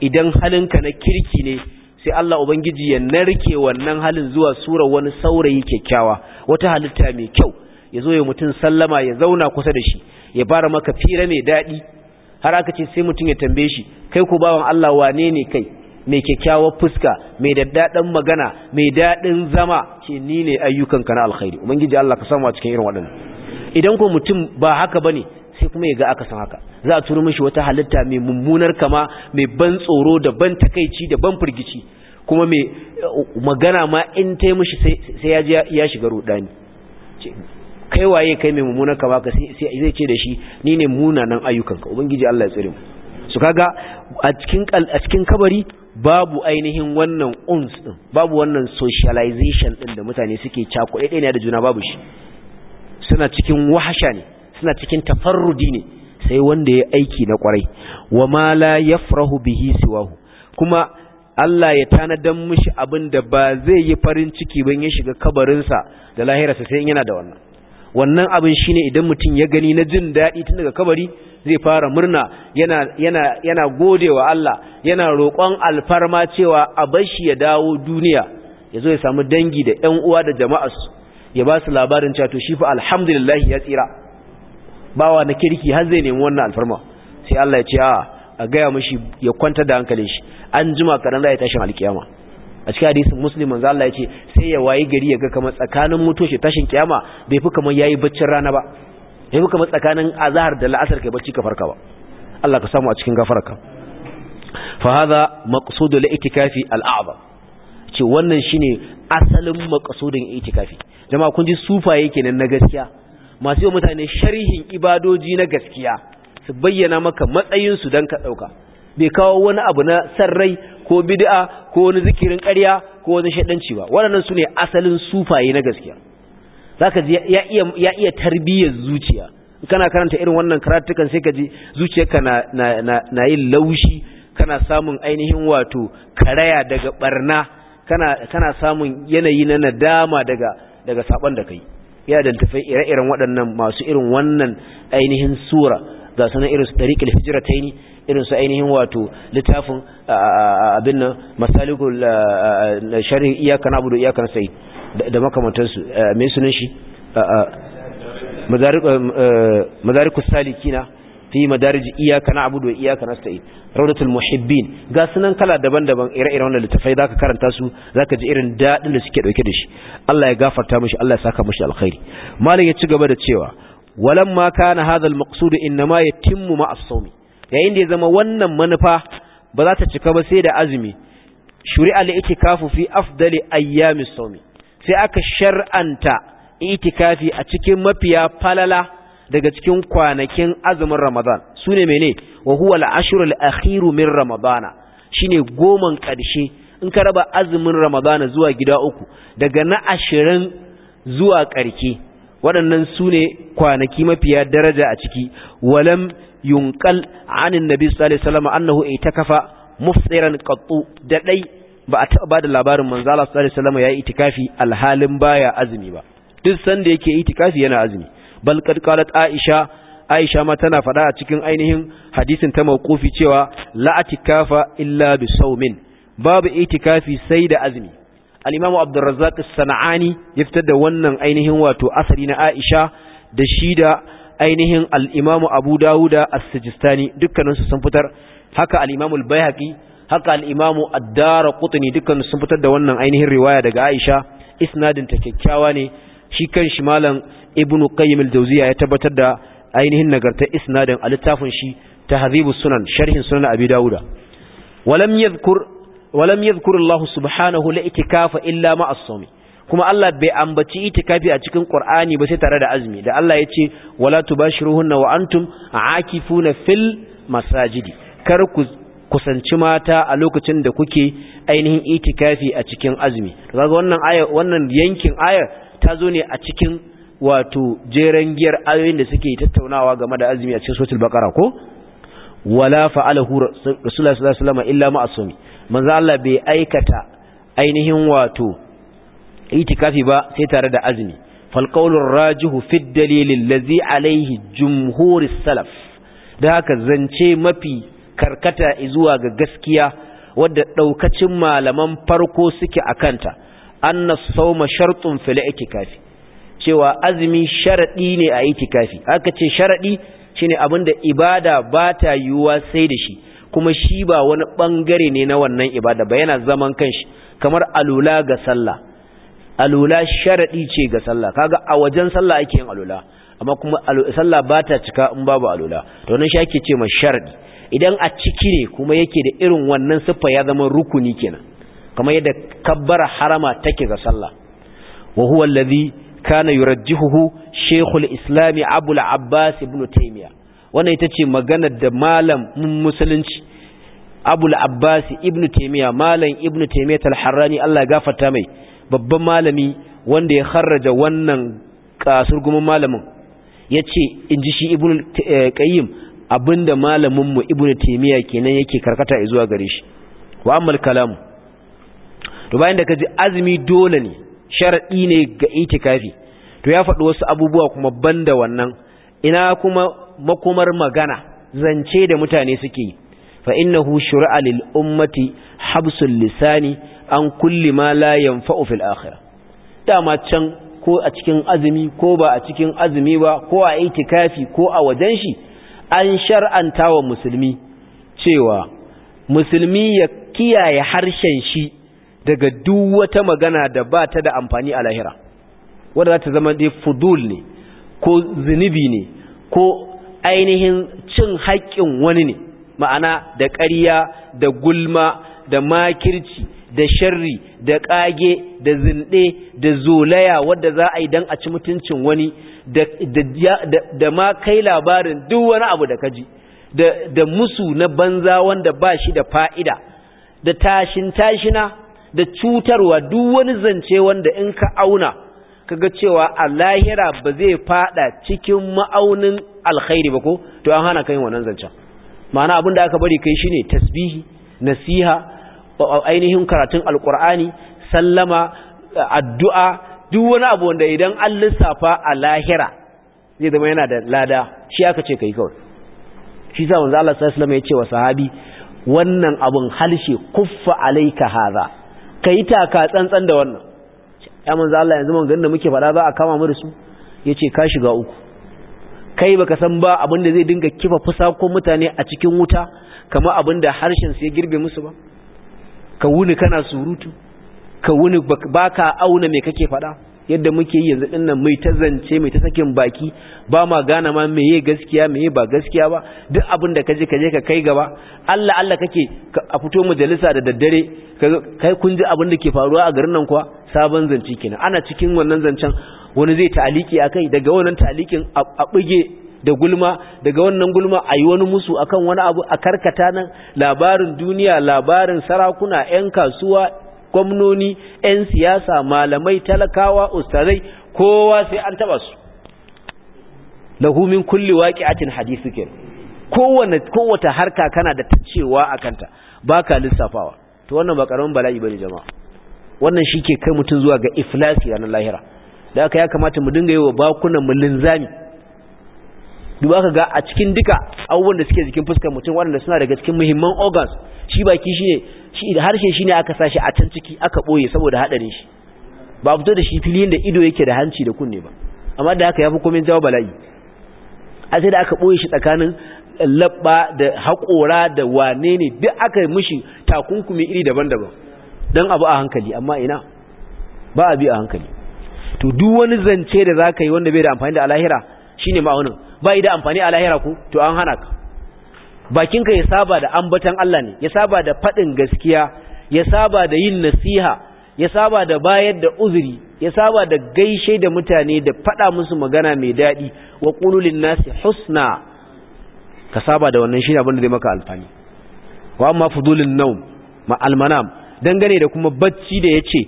idan halinka na kirki ne sai Allah ubangiji ya narke wannan halin zuwa sura wani saurayi kyakkyawa wata halitta mai kyau ya zo ya mutum sallama ya zauna kusa da shi ya bara maka fira mai daɗi har aka ce sai mutum ya tambaye shi kai ku bawan Allah wane ne kai mai kyakkyawar fuska mai daddaɗan magana mai daɗin zama ce ni ne ayyukanka na alkhairi ubangiji Allah ka samu a cikin irin waɗannan idan ko mutum ba haka bane sai kuma ya ga aka san haka za a turo mashi wata halitta mai mummunar kama mai ban tsoro da ban takaici da ban firgici kuma mai eh, magana ma in ta mashi sai ya ya shiga rudani kai waye kai mai mummunar kama ka sai zai ce da shi ni ne munanan ayyukanka ubangiji Allah ya tsare mu su kaga a cikin a cikin kabari babu ainihin wannan uns din babu wannan socialization din da mutane suke cakuɗe ɗaya da juna babu shi suna cikin wahasha ne suna cikin tafarrudi ne sai wanda ya aiki na kwarai wa ma la yafrahu bihi siwahu kuma Allah ya tanadan mishi abin da ba zai yi farin ciki ban ya shiga kabarinsa da lahirarsa sai yana da wannan wannan abin shine idan mutum ya gani na jin daɗi tun daga kabari zai fara murna yana yana yana godewa Allah yana roƙon alfarma cewa a bashi ya dawo duniya ya zo ya samu dangi da ƴan uwa da jama'arsu ya ba su labarin cewa to shi fa alhamdulillah ya tsira bawa na kirki har zai nemi wannan alfarma sai Allah ya ce a a gaya mashi ya kwanta da hankalin shi an jima kadan za ya tashin alkiyama a cikin hadisin muslim manzo Allah ya ce sai ya wayi gari ya ga kamar tsakanin shi tashin kiyama bai fi kamar yayi baccin rana ba bai fi kamar tsakanin azhar da la'asar kai bacci ka farka ba Allah ka samu a cikin gafarka fa hadha maqsudu li'tikafi al'azam ce wannan shine asalin maqsudin itikafi jama'a kun ji sufaye kenan na gaskiya masu yi mutane sharihin ibadoji na gaskiya su bayyana maka matsayinsu don ka ɗauka bai kawo wani abu na sarrai ko bid'a ko wani zikirin ƙarya ko wani shaɗanci ba waɗannan su ne asalin sufaye na gaskiya za ka ji ya iya tarbiyyar zuciya kana karanta irin wannan karatukan sai ka ji zuciyarka na yin laushi kana samun ainihin wato karaya daga barna kana samun yanayi na nadama daga daga da kai ya dantafai ire-iren waɗannan masu irin wannan ainihin sura ga sanar irinsu ɗariƙil hijirataini su ainihin wato littafin abin nan masalikul shari'a iyakan abu abudu iyakan sai da makamantarsu eh, mai sunan shi eh, mazarikus salikina fi madarij iyyaka na'budu wa iyyaka nasta'in rawdatul muhibbin ga sunan kala daban-daban ire-iren wannan littafai zaka karanta su zaka ji irin daɗin da suke dauke da shi Allah ya gafarta mishi Allah ya saka mishi alkhairi malam ya ci gaba da cewa walamma na hadha almaqsud inma yatimmu ma as-sawm yayin da ya zama wannan manufa ba za ta cika ba sai da azumi shuri'a li itikafu fi afdali ayyamis sawm sai aka shar'anta itikafi a cikin mafiya falala daga cikin kwanakin azumin Ramadan sune mene wa huwa al ashr al akhir min Ramadan shine goman karshe in ka raba azumin Ramadan zuwa gida uku daga na 20 zuwa karke waɗannan ne kwanaki mafiya daraja a ciki walam yunqal anin nabi sallallahu alaihi wasallam annahu itakafa mufsiran qattu da dai ba a taɓa ba da labarin Manzala sallallahu alaihi wasallam ya itikafi alhalin baya azumi ba duk sanda yake itikafi yana azumi bal kad qalat aisha aisha ma tana faɗa a cikin ainihin hadisin ta mawqufi cewa la atikafa illa bi sawmin babu itikafi sai da azumi al-imam abdurrazzaq as ya fitar da wannan ainihin wato asari na aisha da shi da ainihin al-imam abu dawuda as-sijistani dukkanin su sun fitar haka al-imam al haka al-imam ad-darqutni dukkan sun fitar da wannan ainihin riwaya daga aisha isnadin ta kyakkyawa ne shi kan shi malam ibn qayyim al-jawziya ya tabbatar da ainihin nagartar isnadin a littafin shi tahdhibus sunan sharhin sunan abi dauda walam yadhkur walam yadhkur Allah subhanahu la itikafa illa ma as kuma Allah bai ambaci itikafi a cikin Qur'ani ba sai tare da azumi da Allah yace wala tubashiruhunna wa antum aakifuna fil masajidi kar ku kusanci mata a lokacin da kuke ainihin itikafi a cikin azumi kaga wannan aya wannan yankin ayar ta zo ne a cikin wato jeren giyar ayoyin da suke tattaunawa game da azumi a cikin suratul baqara ko wala fa'alahu rasulullahi sallallahu alaihi wasallam illa ma'asumi manzo Allah bai aikata ainihin wato itikafi ba sai tare da azumi fal qawlur rajihu fi dalil allazi alaihi jumhuris salaf da haka zance mafi karkata zuwa ga gaskiya wadda daukacin malaman farko suke akanta anna sawma shartun fil itikafi cewa azumi sharaɗi ne a itikafi aka ce sharaɗi shine da ibada ba ta yiwuwa sai da shi kuma shi ba wani bangare ne na wannan ibada ba yana zaman kanshi kamar alula ga sallah alula sharadi ce ga sallah kaga a wajen sallah ake yin alula amma kuma sallah ba ta cika in babu alula to nan shi ake ce ma sharaɗi? idan a ciki ne kuma yake da irin wannan siffa ya zama rukuni kenan kamar yadda kabbara harama take ga sallah wa huwa allazi kana yurajjihuhu shekul islami abul abbas ibn taimiya wannan ita ce maganar da malam musulunci abul abbas ibn taimiya malam ibn taimiya harrani allah gafarta mai babban malami wanda ya kharraja wannan kasur gumin malamin yace in ji shi ibn qayyim abinda mu ibn taimiya kenan yake karkata zuwa gare shi wa amal kalam to bayan da kaji azumi dole ne sharaɗi ne ga itikafi to ya faɗi wasu abubuwa kuma banda wannan ina kuma makomar magana zance da mutane suke fa innahu shur'a lil ummati habsul lisani an kulli ma la yanfa'u fil akhirah dama can ko a cikin azumi ko ba a cikin azumi ba ko a itikafi ko a wajen shi an shar'anta wa musulmi cewa musulmi ya kiyaye harshen shi daga duk wata magana da ba ta da amfani a lahira wadda za ta zama dai fudul ne ko zunubi ne ko ainihin cin haƙƙin wani ne ma'ana da ƙarya da gulma da makirci da sharri da ƙage da zinɗe da zolaya wadda za a yi don a ci mutuncin wani da ma kai labarin duk wani abu da kaji da musu na banza wanda ba shi da fa'ida da tashin tashina da cutarwa duk wani zance wanda in ka auna kaga cewa a lahira ba zai fada cikin ma'aunin alkhairi ba ko to an hana kai wannan zancen ma'ana abin da aka bari kai shine tasbihi nasiha ainihin karatun alqur'ani sallama addu'a duk wani abu wanda idan an lissafa a lahira zai zama yana da lada shi aka ce kai kawai shi sa manzo Allah sallallahu alaihi wasallam ya ce wa sahabi wannan abun halshe kuffa alayka hadha ka yi taka tsantsan da wannan ya manzo Allah yanzu mun da muke fada za a kama mu da su yace ka shiga uku kai baka san ba abin da zai dinga kifa fusa ko mutane a cikin wuta kamar abin da harshen su ya girbe musu ba ka wuni kana surutu ka wuni baka auna me kake faɗa yadda muke yi yanzu din nan mai ta zance mai ta sakin baki ba ma gane ma meye gaskiya meye ba gaskiya ba duk abin da kaje kaje ka kai gaba Allah Allah kake a fito majalisa da daddare kai kun ji abin da ke faruwa a garin nan kuwa sabon zance kenan ana cikin wannan zancen wani zai taliki akai daga wannan talikin a bige da gulma daga wannan gulma ayi wani musu akan wani abu a karkata nan labarin duniya labarin sarakuna 'yan kasuwa gwamnoni 'yan siyasa malamai talakawa ustazai kowa sai an taba su lahumin min kulli waqi'atin hadithu hadisu kowanne kowata harka kana da tacewa ba baka lissafawa to wannan ba bala'i bane jama'a wannan shi ke kai mutum zuwa ga iflasi ranar lahira da aka ya kamata mu dinga yi wa bakunan mu linzami duba ka ga a cikin duka abubuwan da suke jikin fuskar mutum waɗanda suna daga cikin muhimman organs shi baki shi ne shi da harshe shine aka sashi a can ciki aka boye saboda hadarin shi ba fito da shi filin da ido yake da hanci da kunne ba amma da haka yafi komai jawo bala'i a sai da aka boye shi tsakanin labba da haƙora da wane ne duk aka mishi takunkumi iri daban-daban don abu a hankali amma ina ba a bi a hankali to duk wani zance da za ka yi wanda bai da amfani da alahira shine ne ma'aunin ba yi da amfani a lahira ku to an hana ka bakinka ya saba da ambatan Allah ne ya saba da faɗin gaskiya ya saba da yin nasiha ya saba da bayar da uzuri ya saba da gaishe da mutane da faɗa musu magana mai daɗi wa ƙululin nasi husna ka saba da wannan shine abin da zai maka alfani wa amma fudulin naum ma almanam dangane da kuma bacci da ya ce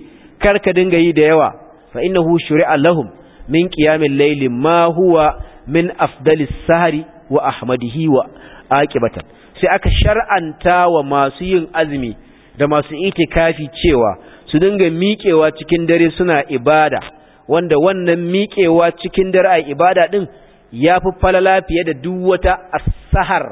kar ka dinga yi da yawa fa innahu shuri'a lahum min qiyamil layli ma huwa min afdalis sahari wa ahmadihi wa aqibatan sai aka shar'anta wa masu yin azumi da masu itikafi cewa su dinga miƙewa cikin dare suna ibada wanda wannan miƙewa cikin dare a ibada din yafi falala fiye da duk wata asahar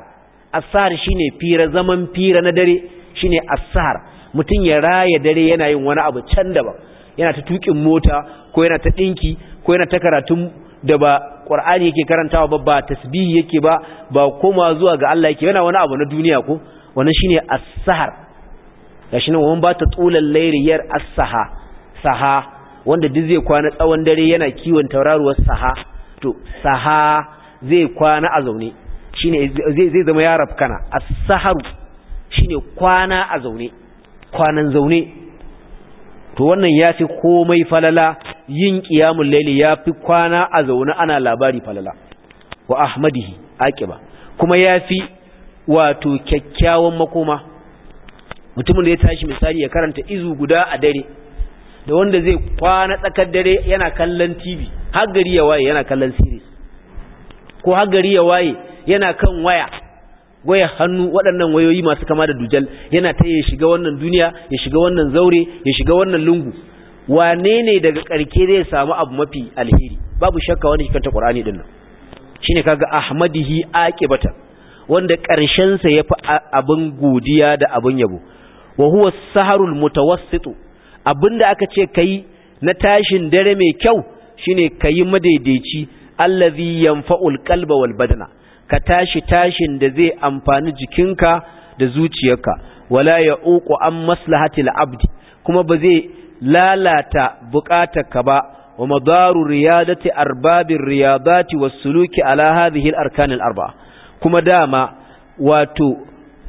asahar shine fira zaman fira na dare shine asahar mutum ya raya dare yana yin wani abu can daban yana ta tukin mota ko yana ta dinki ko yana ta karatun da ba qur'ani yake karantawa ba ba tasbihi yake ba ba koma zuwa ga Allah yake yana wani abu na duniya ko wannan shine as-sahar gashi nan wannan ba ta tulal yar as-saha saha wanda duk zai kwana tsawon dare yana kiwon tauraruwar saha to saha zai kwana a zaune shine zai zai zama yarab kana as sahar shine kwana a zaune kwanan zaune to wannan yafi komai falala yin qiyamul layli fi kwana a zaune ana labari falala wa ahmadihi aqiba kuma ya fi wato kyakkyawan makoma mutumin da ya tashi misali ya karanta izu guda a dare da wanda zai kwana tsakar dare yana kallon TV har gari ya waye yana kallon series ko har gari ya waye yana kan waya waya hannu waɗannan wayoyi masu kama da dujal yana ta ya shiga wannan duniya ya shiga wannan zaure ya shiga wannan lungu wane ne daga karke zai samu abu mafi alheri babu shakka wani kanta qur'ani din nan shine kaga ahmadihi aqibatan wanda karshen sa yafi abin godiya da abin yabo wa huwa saharul mutawassitu abinda aka ce kai na tashin dare mai kyau shine kai madaidaici allazi yanfa'ul qalba wal badana ka tashi tashin da zai amfani jikinka da zuciyarka wala ya'uqu an maslahatil abdi kuma ba zai lalata bukatarka ba wa madaru riyadati arbabin riyadati was suluki ala hadhihi al-arkan al-arba kuma dama wato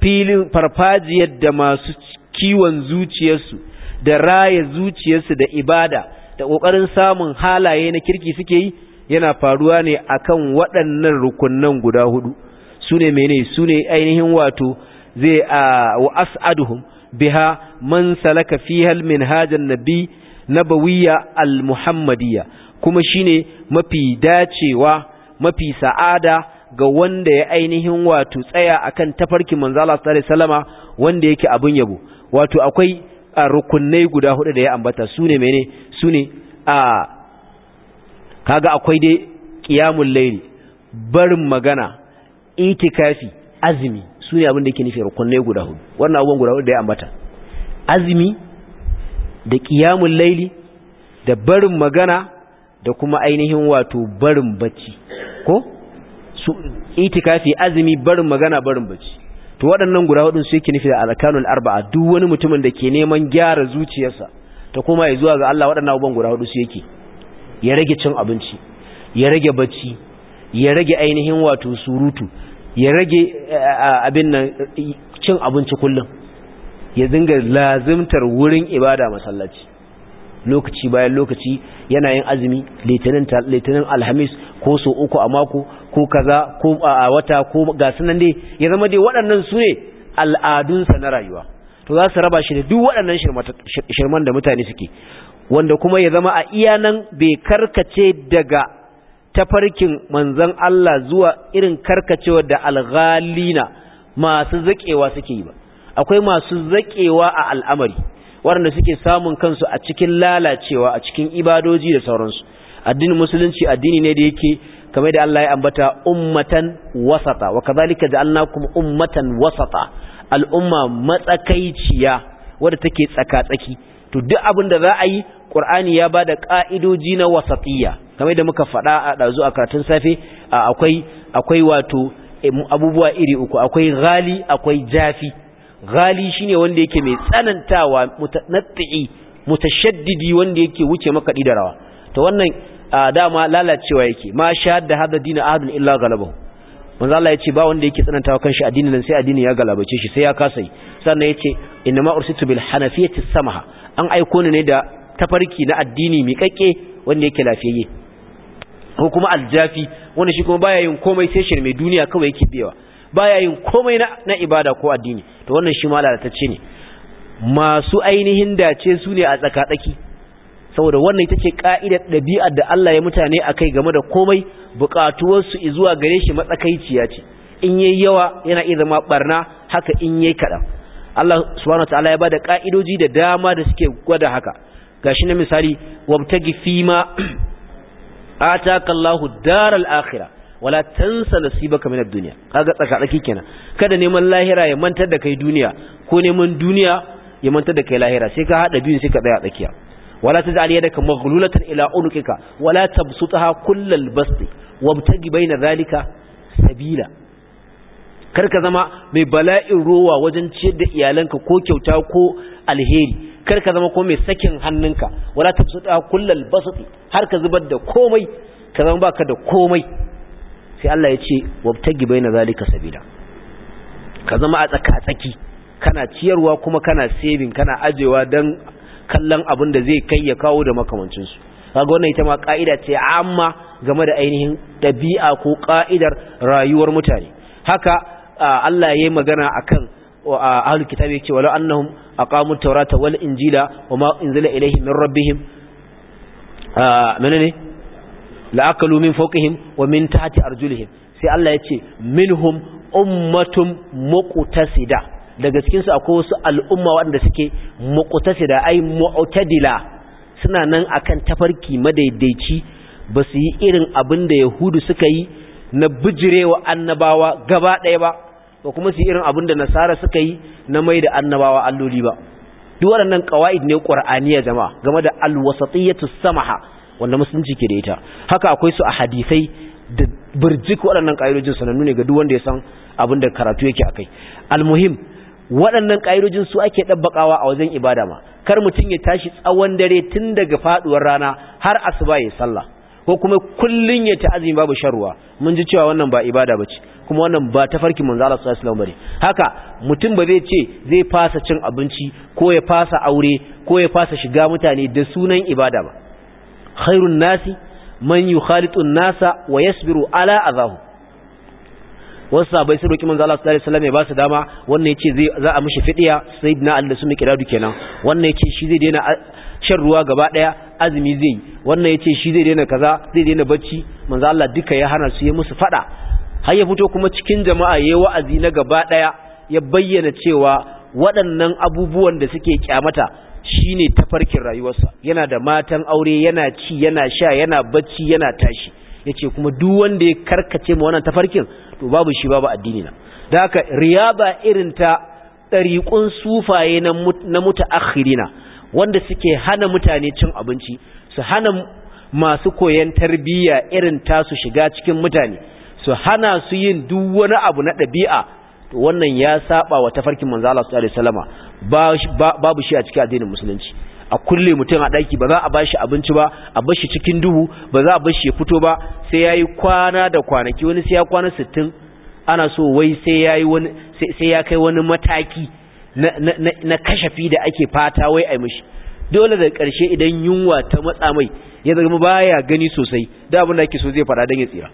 filin farfajiyar da masu kiwon zuciyarsu da raya zuciyarsu da ibada da ƙoƙarin samun halaye na kirki suke yi yana faruwa ne akan waɗannan rukunnan guda hudu Sune ne mene ainihin wato zai a wa as'aduhum biha man salaka fiha minhajan nabi nabawiyya al-muhammadiyya kuma shine mafi dacewa mafi sa'ada ga wanda ya ainihin wato tsaya akan tafarki manzo Allah sallallahu alaihi wasallama wanda yake abun yabo wato akwai rukunnai guda hudu da ya ambata sune mene sune a kaga akwai dai qiyamul layli barin magana itikafi azumi su ne abin da yake nufi rukunai guda hudu wannan abubuwan guda hudu da ya ambata azumi da qiyamul laili da barin magana da kuma ainihin wato barin bacci ko su itikafi azumi barin magana barin bacci to waɗannan guda hudu su yake nufi da alkanul arba'a duk wani mutumin da ke neman gyara zuciyarsa ta kuma ya zuwa ga Allah waɗannan abubuwan guda hudu su yake ya rage cin abinci ya rage bacci ya rage ainihin wato surutu ya rage eh, eh, abin nan cin abinci kullum ya dinga lazimtar wurin ibada masallaci lokaci bayan lokaci yana yin azumi litinin alhamis ko so uku a mako ko kaza ko a wata ko ga sunan dai ya zama dai waɗannan su ne al'adunsa na rayuwa to za su raba shi da duk waɗannan shirman da mutane suke wanda kuma ya zama a iyanan bai karkace daga tafarkin manzon Allah zuwa irin karkacewa da alghalina masu zakewa suke yi ba akwai masu zakewa a al'amari waɗanda suke samun kansu a cikin lalacewa a cikin ibadoji da sauransu addinin musulunci addini ne da yake kamar da Allah ya ambata ummatan wasata wa kadhalika ja'alnakum ummatan wasata al'umma matsakaiciya wadda take tsaka-tsaki to duk abin da za a yi qur'ani ya bada ka'idoji na wasatiyya kamar da muka faɗa a ɗazu a karatun safe akwai akwai wato eh, abubuwa iri uku akwai gali, akwai jafi ghali shine wanda yake mai tsanantawa mutanatti mutashaddidi wanda yake wuce maka da rawa to wannan dama lalacewa yake ma shahada hada dinu ahadun illa galabahu manzo Allah yace ba wanda yake tsanantawa kanshi addinin nan sai addini ya galabace shi sai ya yi. sannan yace inma ursitu bil hanafiyyati samaha an aiko ni ne da tafarki na addini kakke wanda yake lafiyayye ko kuma aljafi wanda shi kuma baya yin komai sai mai duniya kawai yake biyawa baya yin komai na, ibada ko addini to wannan shi ma ce ne masu ainihin dace su ne a tsakatsaki saboda wannan ita ce ka'idar ɗabi'ar da Allah ya mutane a kai game da komai buƙatuwarsu zuwa gare shi matsakaiciya ce in yayi yawa yana iya zama barna haka in yayi kaɗan Allah subhanahu Ta'ala ya bada ka'idoji da dama da suke gwada haka gashi na misali wabtagi fima ataka Allahu daral akhirah wala tansa nasibaka minad dunya kaga tsaki kenan kada neman lahira ya mantar da kai duniya ko neman duniya ya mantar da kai lahira sai ka hada biyu sai ka tsaya tsakiya wala taj'al yadaka maghlulatan ila unukika wala tabsutaha kullal basti wabtagi baina zalika sabila karka zama mai bala'in rowa wajen ciyar da iyalanka ko kyauta ko alheri kar ka zama ko mai sakin hannunka wala tabsuta kullal basati har ka zubar da komai ka zama baka da komai sai Allah ya ce wabtagi baina zalika sabila ka zama a tsaka tsaki kana ciyarwa kuma kana saving kana ajewa dan kallon abin da zai kai ya kawo da makamancin su kaga wannan ita ma kaida ce amma game da ainihin dabi'a ko kaidar rayuwar mutane haka Allah ya yi magana akan ahlul kitabi yace walau annahum aqamu tawrata wal injila wama unzila ilayhim min rabbihim menene la akalu min wa min tahti arjulihim sai Allah ya yace minhum ummatum muqtasida daga cikinsu akwai wasu al'umma wanda suke muqtasida ai mu'tadila suna nan akan tafarki madaidaici ba su yi irin abinda yahudu suka yi na bijirewa annabawa gaba ɗaya ba ba kuma su irin abin da nasara suka yi na mai da annabawa alloli ba duk waɗannan kawa'id ne qur'aniya jama'a game da alwasatiyatu samaha wanda musulunci ke da ita haka akwai su a hadisai da birjik waɗannan ƙa'idojin sanannu ne ga duk wanda ya san abin da karatu yake akai almuhim waɗannan ƙa'idojin su ake ɗabbaƙawa a wajen ibada ma kar mutum ya tashi tsawon dare tun daga faɗuwar rana har asuba ya sallah ko kuma kullun ya ta azumi babu shan ruwa mun ji cewa wannan ba ibada bace kuma wannan ba tafarkin manzo Allah sallallahu alaihi wasallam bane haka mutum ba zai ce zai fasa cin abinci ko ya fasa aure ko ya fasa shiga mutane da sunan ibada ba khairun nasi man yukhalitu nasa wa yasbiru ala azahu wasu sabai sun roki manzo Allah sallallahu alaihi wasallam ya ba su dama wannan yace zai za a mishi fidiya sayyidina Allah sun kiradu kenan wannan yace shi zai daina shan ruwa gaba daya azumi zai wannan yace shi zai daina kaza zai daina bacci manzo Allah duka ya hana su ya musu fada har ya fito kuma cikin jama'a ya yi wa'azi na gaba ɗaya ya bayyana cewa waɗannan abubuwan da suke kyamata shine tafarkin rayuwarsa yana da matan aure yana ci yana sha yana bacci yana tashi yace kuma duk wanda ya karkace ma wannan tafarkin to babu shi babu addini na da haka riya ba irin ta ɗariƙun sufaye na mutaakhirina wanda suke hana mutane cin abinci su hana masu koyon tarbiyya irin tasu shiga cikin mutane su hana su yin duk wani abu na ɗabi'a to wannan ya saba wa tafarkin manzo Allah sallallahu alaihi wasallama babu shi a cikin addinin musulunci a kulle mutum a ɗaki ba za a bashi abinci ba a bashi cikin duhu ba za a bashi ya fito ba sai yayi kwana da kwanaki wani sai ya kwana 60 ana so wai sai yayi wani sai ya kai wani mataki na na na kashafi da ake fata wai ai mishi dole da karshe idan yunwa ta matsa mai ya zama baya gani sosai da abin da ake so zai faɗa dan ya tsira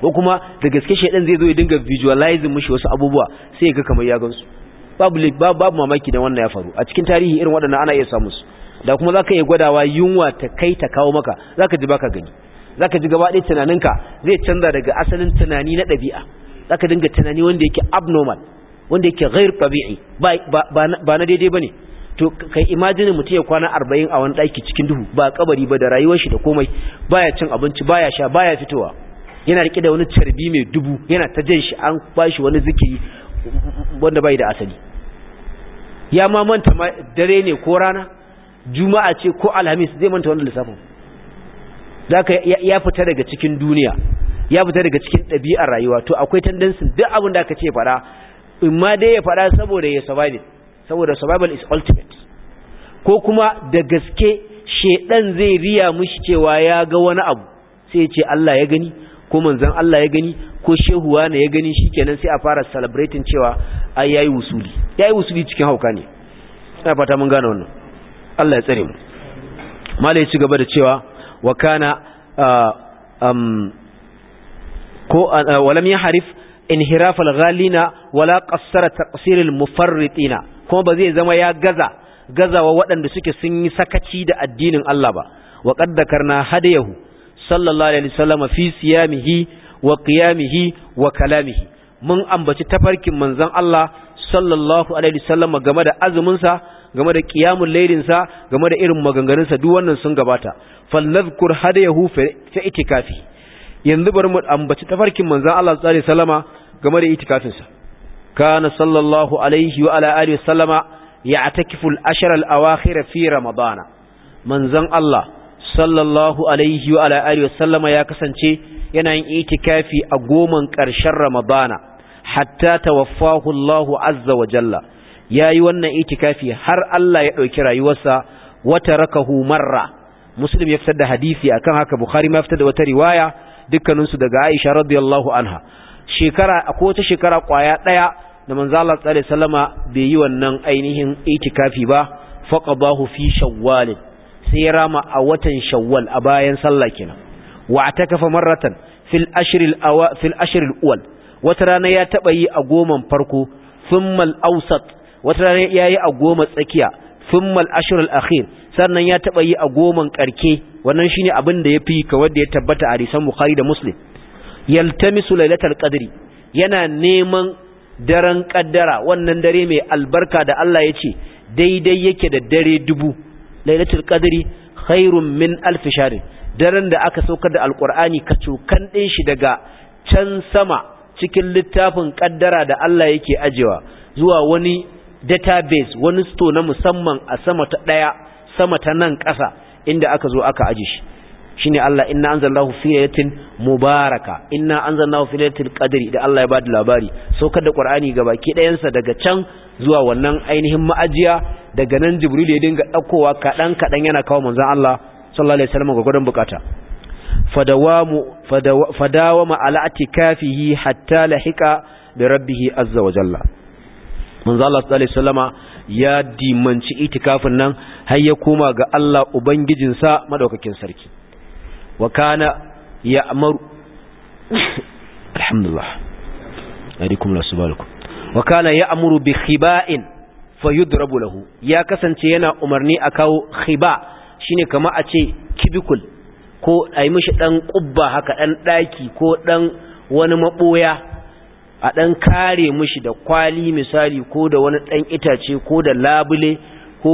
ko kuma da gaske shaidan zai zo ya dinga visualizing mushi wasu abubuwa sai ya ga kamar ya gansu babu babu mamaki da wannan ya faru a cikin tarihi irin waɗannan ana iya samu su da kuma zaka iya gwadawa yunwa ta kai ta kawo maka zaka ji baka gani zaka ji gaba ɗaya tunaninka zai canza daga asalin tunani na ɗabi'a zaka dinga tunani wanda yake abnormal wanda yake ghair tabi'i ba na daidai bane to kai imagine mutum ya kwana arba'in a wani ɗaki cikin duhu ba kabari ba da rayuwar shi da komai baya cin abinci baya sha baya fitowa yana rike da wani carbi mai dubu yana ta jan shi an bashi wani zikiri wanda bai da asali ya ma manta dare ne ko rana juma'a ce ko alhamis zai manta wannan lissafin zaka ya fita daga cikin duniya ya fita daga cikin ɗabi'ar rayuwa to akwai tendency duk abin da aka ce fara in ma dai ya fara saboda ya survive saboda survival is ultimate ko kuma da gaske shedan zai riya mushi cewa ya ga wani abu sai ya ce Allah ya gani ko manzon Allah ya gani ko shehu wani ya gani shikenan sai a fara celebrating cewa ai yayi wusuli yayi wusuli cikin hauka ne ina fata mun gane wannan Allah ya tsare mu malai ci gaba da cewa wa kana um ko walam yahrif inhiraf alghalina wala qassara taqsir almufarritina kuma ba zai zama ya gaza gazawa waɗanda suke sun yi sakaci da addinin Allah ba wa qaddakarna hadayahu sallallahu alaihi wasallam fi siyamihi wa qiyamihi wa kalamihi mun ambaci tafarkin manzon Allah sallallahu alaihi wasallam game da azumin game da qiyamul lailin game da irin maganganun duk wannan sun gabata falnadhkur hadayahu fi itikafi yanzu bari mu ambaci tafarkin manzon Allah sallallahu alaihi wasallama game da itikafin sa kana sallallahu alaihi wa ala alihi wasallama ya'takifu al-ashara al fi ramadana manzon Allah sallallahu alaihi wa alihi wa sallama ya kasance yana yin itikafi a goman ƙarshen ramadana hatta tawaffahu Allahu azza wa jalla yayi wannan itikafi har Allah ya dauki rayuwarsa wa tarakahu marra muslim ya fitar da hadisi akan haka bukhari ma fitar da wata riwaya dukkaninsu daga Aisha radiyallahu anha shekara ko ta shekara kwaya daya da manzo Allah sallallahu alaihi wasallama bai yi wannan ainihin itikafi ba faqadahu fi shawwal sai ya rama a watan shawwal a bayan sallah kenan wa atakafa marratan fil ashril awa fil ashril awal wata rana ya taba yi a goman farko thumma al awsat wata rana ya yi a goma tsakiya thumma al ashril akhir sannan ya taba yi a goman karke wannan shine abin da yafi ka wanda ya tabbata a hadisan bukhari da muslim yaltamisu lailatul qadri yana neman daren kaddara wannan dare mai albarka da Allah ya ce daidai yake da dare dubu lailatul qadri khairun min alf shahr daren da aka saukar da alqur'ani cukan din shi daga can sama cikin littafin kaddara da Allah yake ajewa zuwa wani database wani store na musamman a sama ta daya sama ta nan kasa inda aka zo aka aje shi shine Allah inna anzalallahu fi laylatin mubaraka inna anzalallahu fi laylatil qadri da Allah ya bada labari saukar da Qur'ani gabaki ɗayansa daga can zuwa wannan ainihin ma'ajiya daga nan jibril ya dinga ɗaukowa kaɗan kaɗan yana kawo manzon Allah sallallahu alaihi wasallam ga gudun bukata fadawamu fadawama ala atikafihi hatta lahika bi rabbih azza wa jalla manzo Allah sallallahu alaihi wasallama ya dimanci itikafin nan har ya koma ga Allah sa madaukakin sarki wa kana ya'maru [coughs] alhamdulillah alaikum wa kana ya'muru bi khiba'in fayudrabu lahu ya kasance yana umarni a kawo khiba shine kama a ce kibikul ko a mishi dan kubba haka dan daki ko dan wani maboya a dan kare mishi da kwali misali ko da wani dan itace ko da labule ko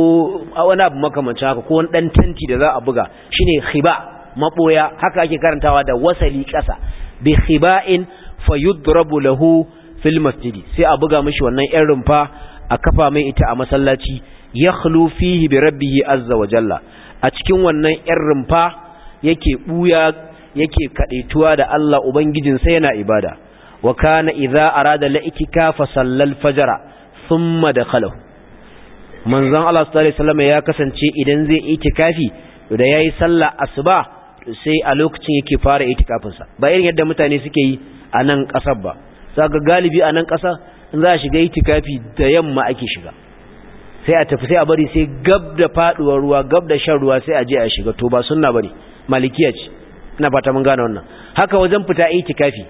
wani abu makamancin haka ko wani dan tanti da za a buga shine khiba maboya haka ake karantawa da wasali kasa bi khiba'in fayudrabu lahu fil masjid sai a buga mishi wannan yan rumfa a kafa mai ita a masallaci ya fihi bi rabbihi azza wa jalla a cikin wannan yan rumfa yake buya yake kadaituwa da Allah ubangijin ubangijinsa yana ibada wa kana idza arada laikika fa sallal fajra thumma dakhalahu manzon Allah sallallahu alaihi wasallam ya kasance idan zai itikafi da yayi sallah asuba sai a lokacin yake fara itikafinsa ba irin yadda mutane suke yi a nan kasar ba saka galibi a nan kasa in za a shiga itikafi da yamma ake shiga sai a tafi sai a bari sai gab da faduwar ruwa gab da shan ruwa sai a je a shiga to ba sunna bane malikiya ce ina fata mun gane wannan haka wajen fita itikafi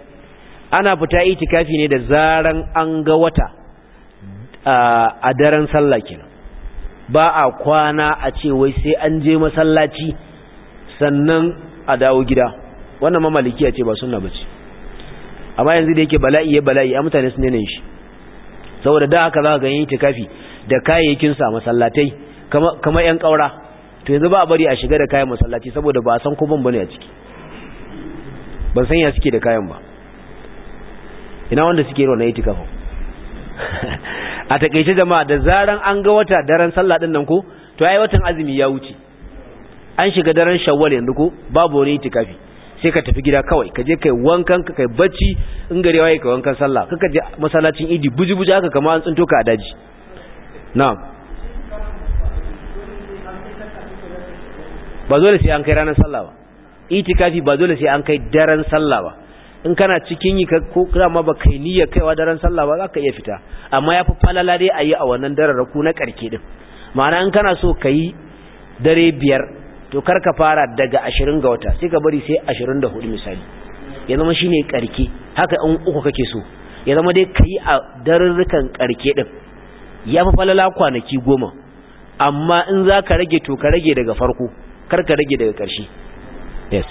ana fita itikafi ne da zaran an ga wata a daren sallah kenan ba a kwana a ce wai sai an je masallaci sannan a dawo gida wannan ma malikiya ce ba sunna bace amma yanzu da yake bala'i ya bala'i a mutane su nene shi saboda da aka za ka ganin itikafi da kayayyakin sa masallatai kama kama yan kaura to yanzu ba a bari a shiga da kayan masallaci saboda ba a san ko ban bane a ciki ban san ya suke da kayan ba ina wanda suke yi wannan itikafin [laughs] a takeice jama'a da zaran an ga wata daren sallah din nan ko to ai watan azumi ya wuce an shiga daren shawwal yanzu ko babu wani itikafi sai ka tafi gida kawai ka je kai wankan ka kai bacci in gare waye kai wankan sallah kaka je masallacin idi buji buji aka kama an tsinto ka a daji na'am ba dole sai an kai ranar sallah ba itikafi ba dole sai an kai daren sallah ba in kana cikin yi ko ma ba kai niyyar kaiwa daren sallah ba za ka iya fita amma ya fi falala dai a yi a wannan daren raku na karke din ma'ana in kana so ka yi dare biyar to kar ka fara daga ashirin ga wata sai ka bari sai ashirin da hudu misali ya zama shine karke haka in uku kake so ya zama dai ka yi a darurrukan karke din ya fi falala kwanaki goma amma in za ka rage to ka rage daga farko kar ka rage daga karshe. yes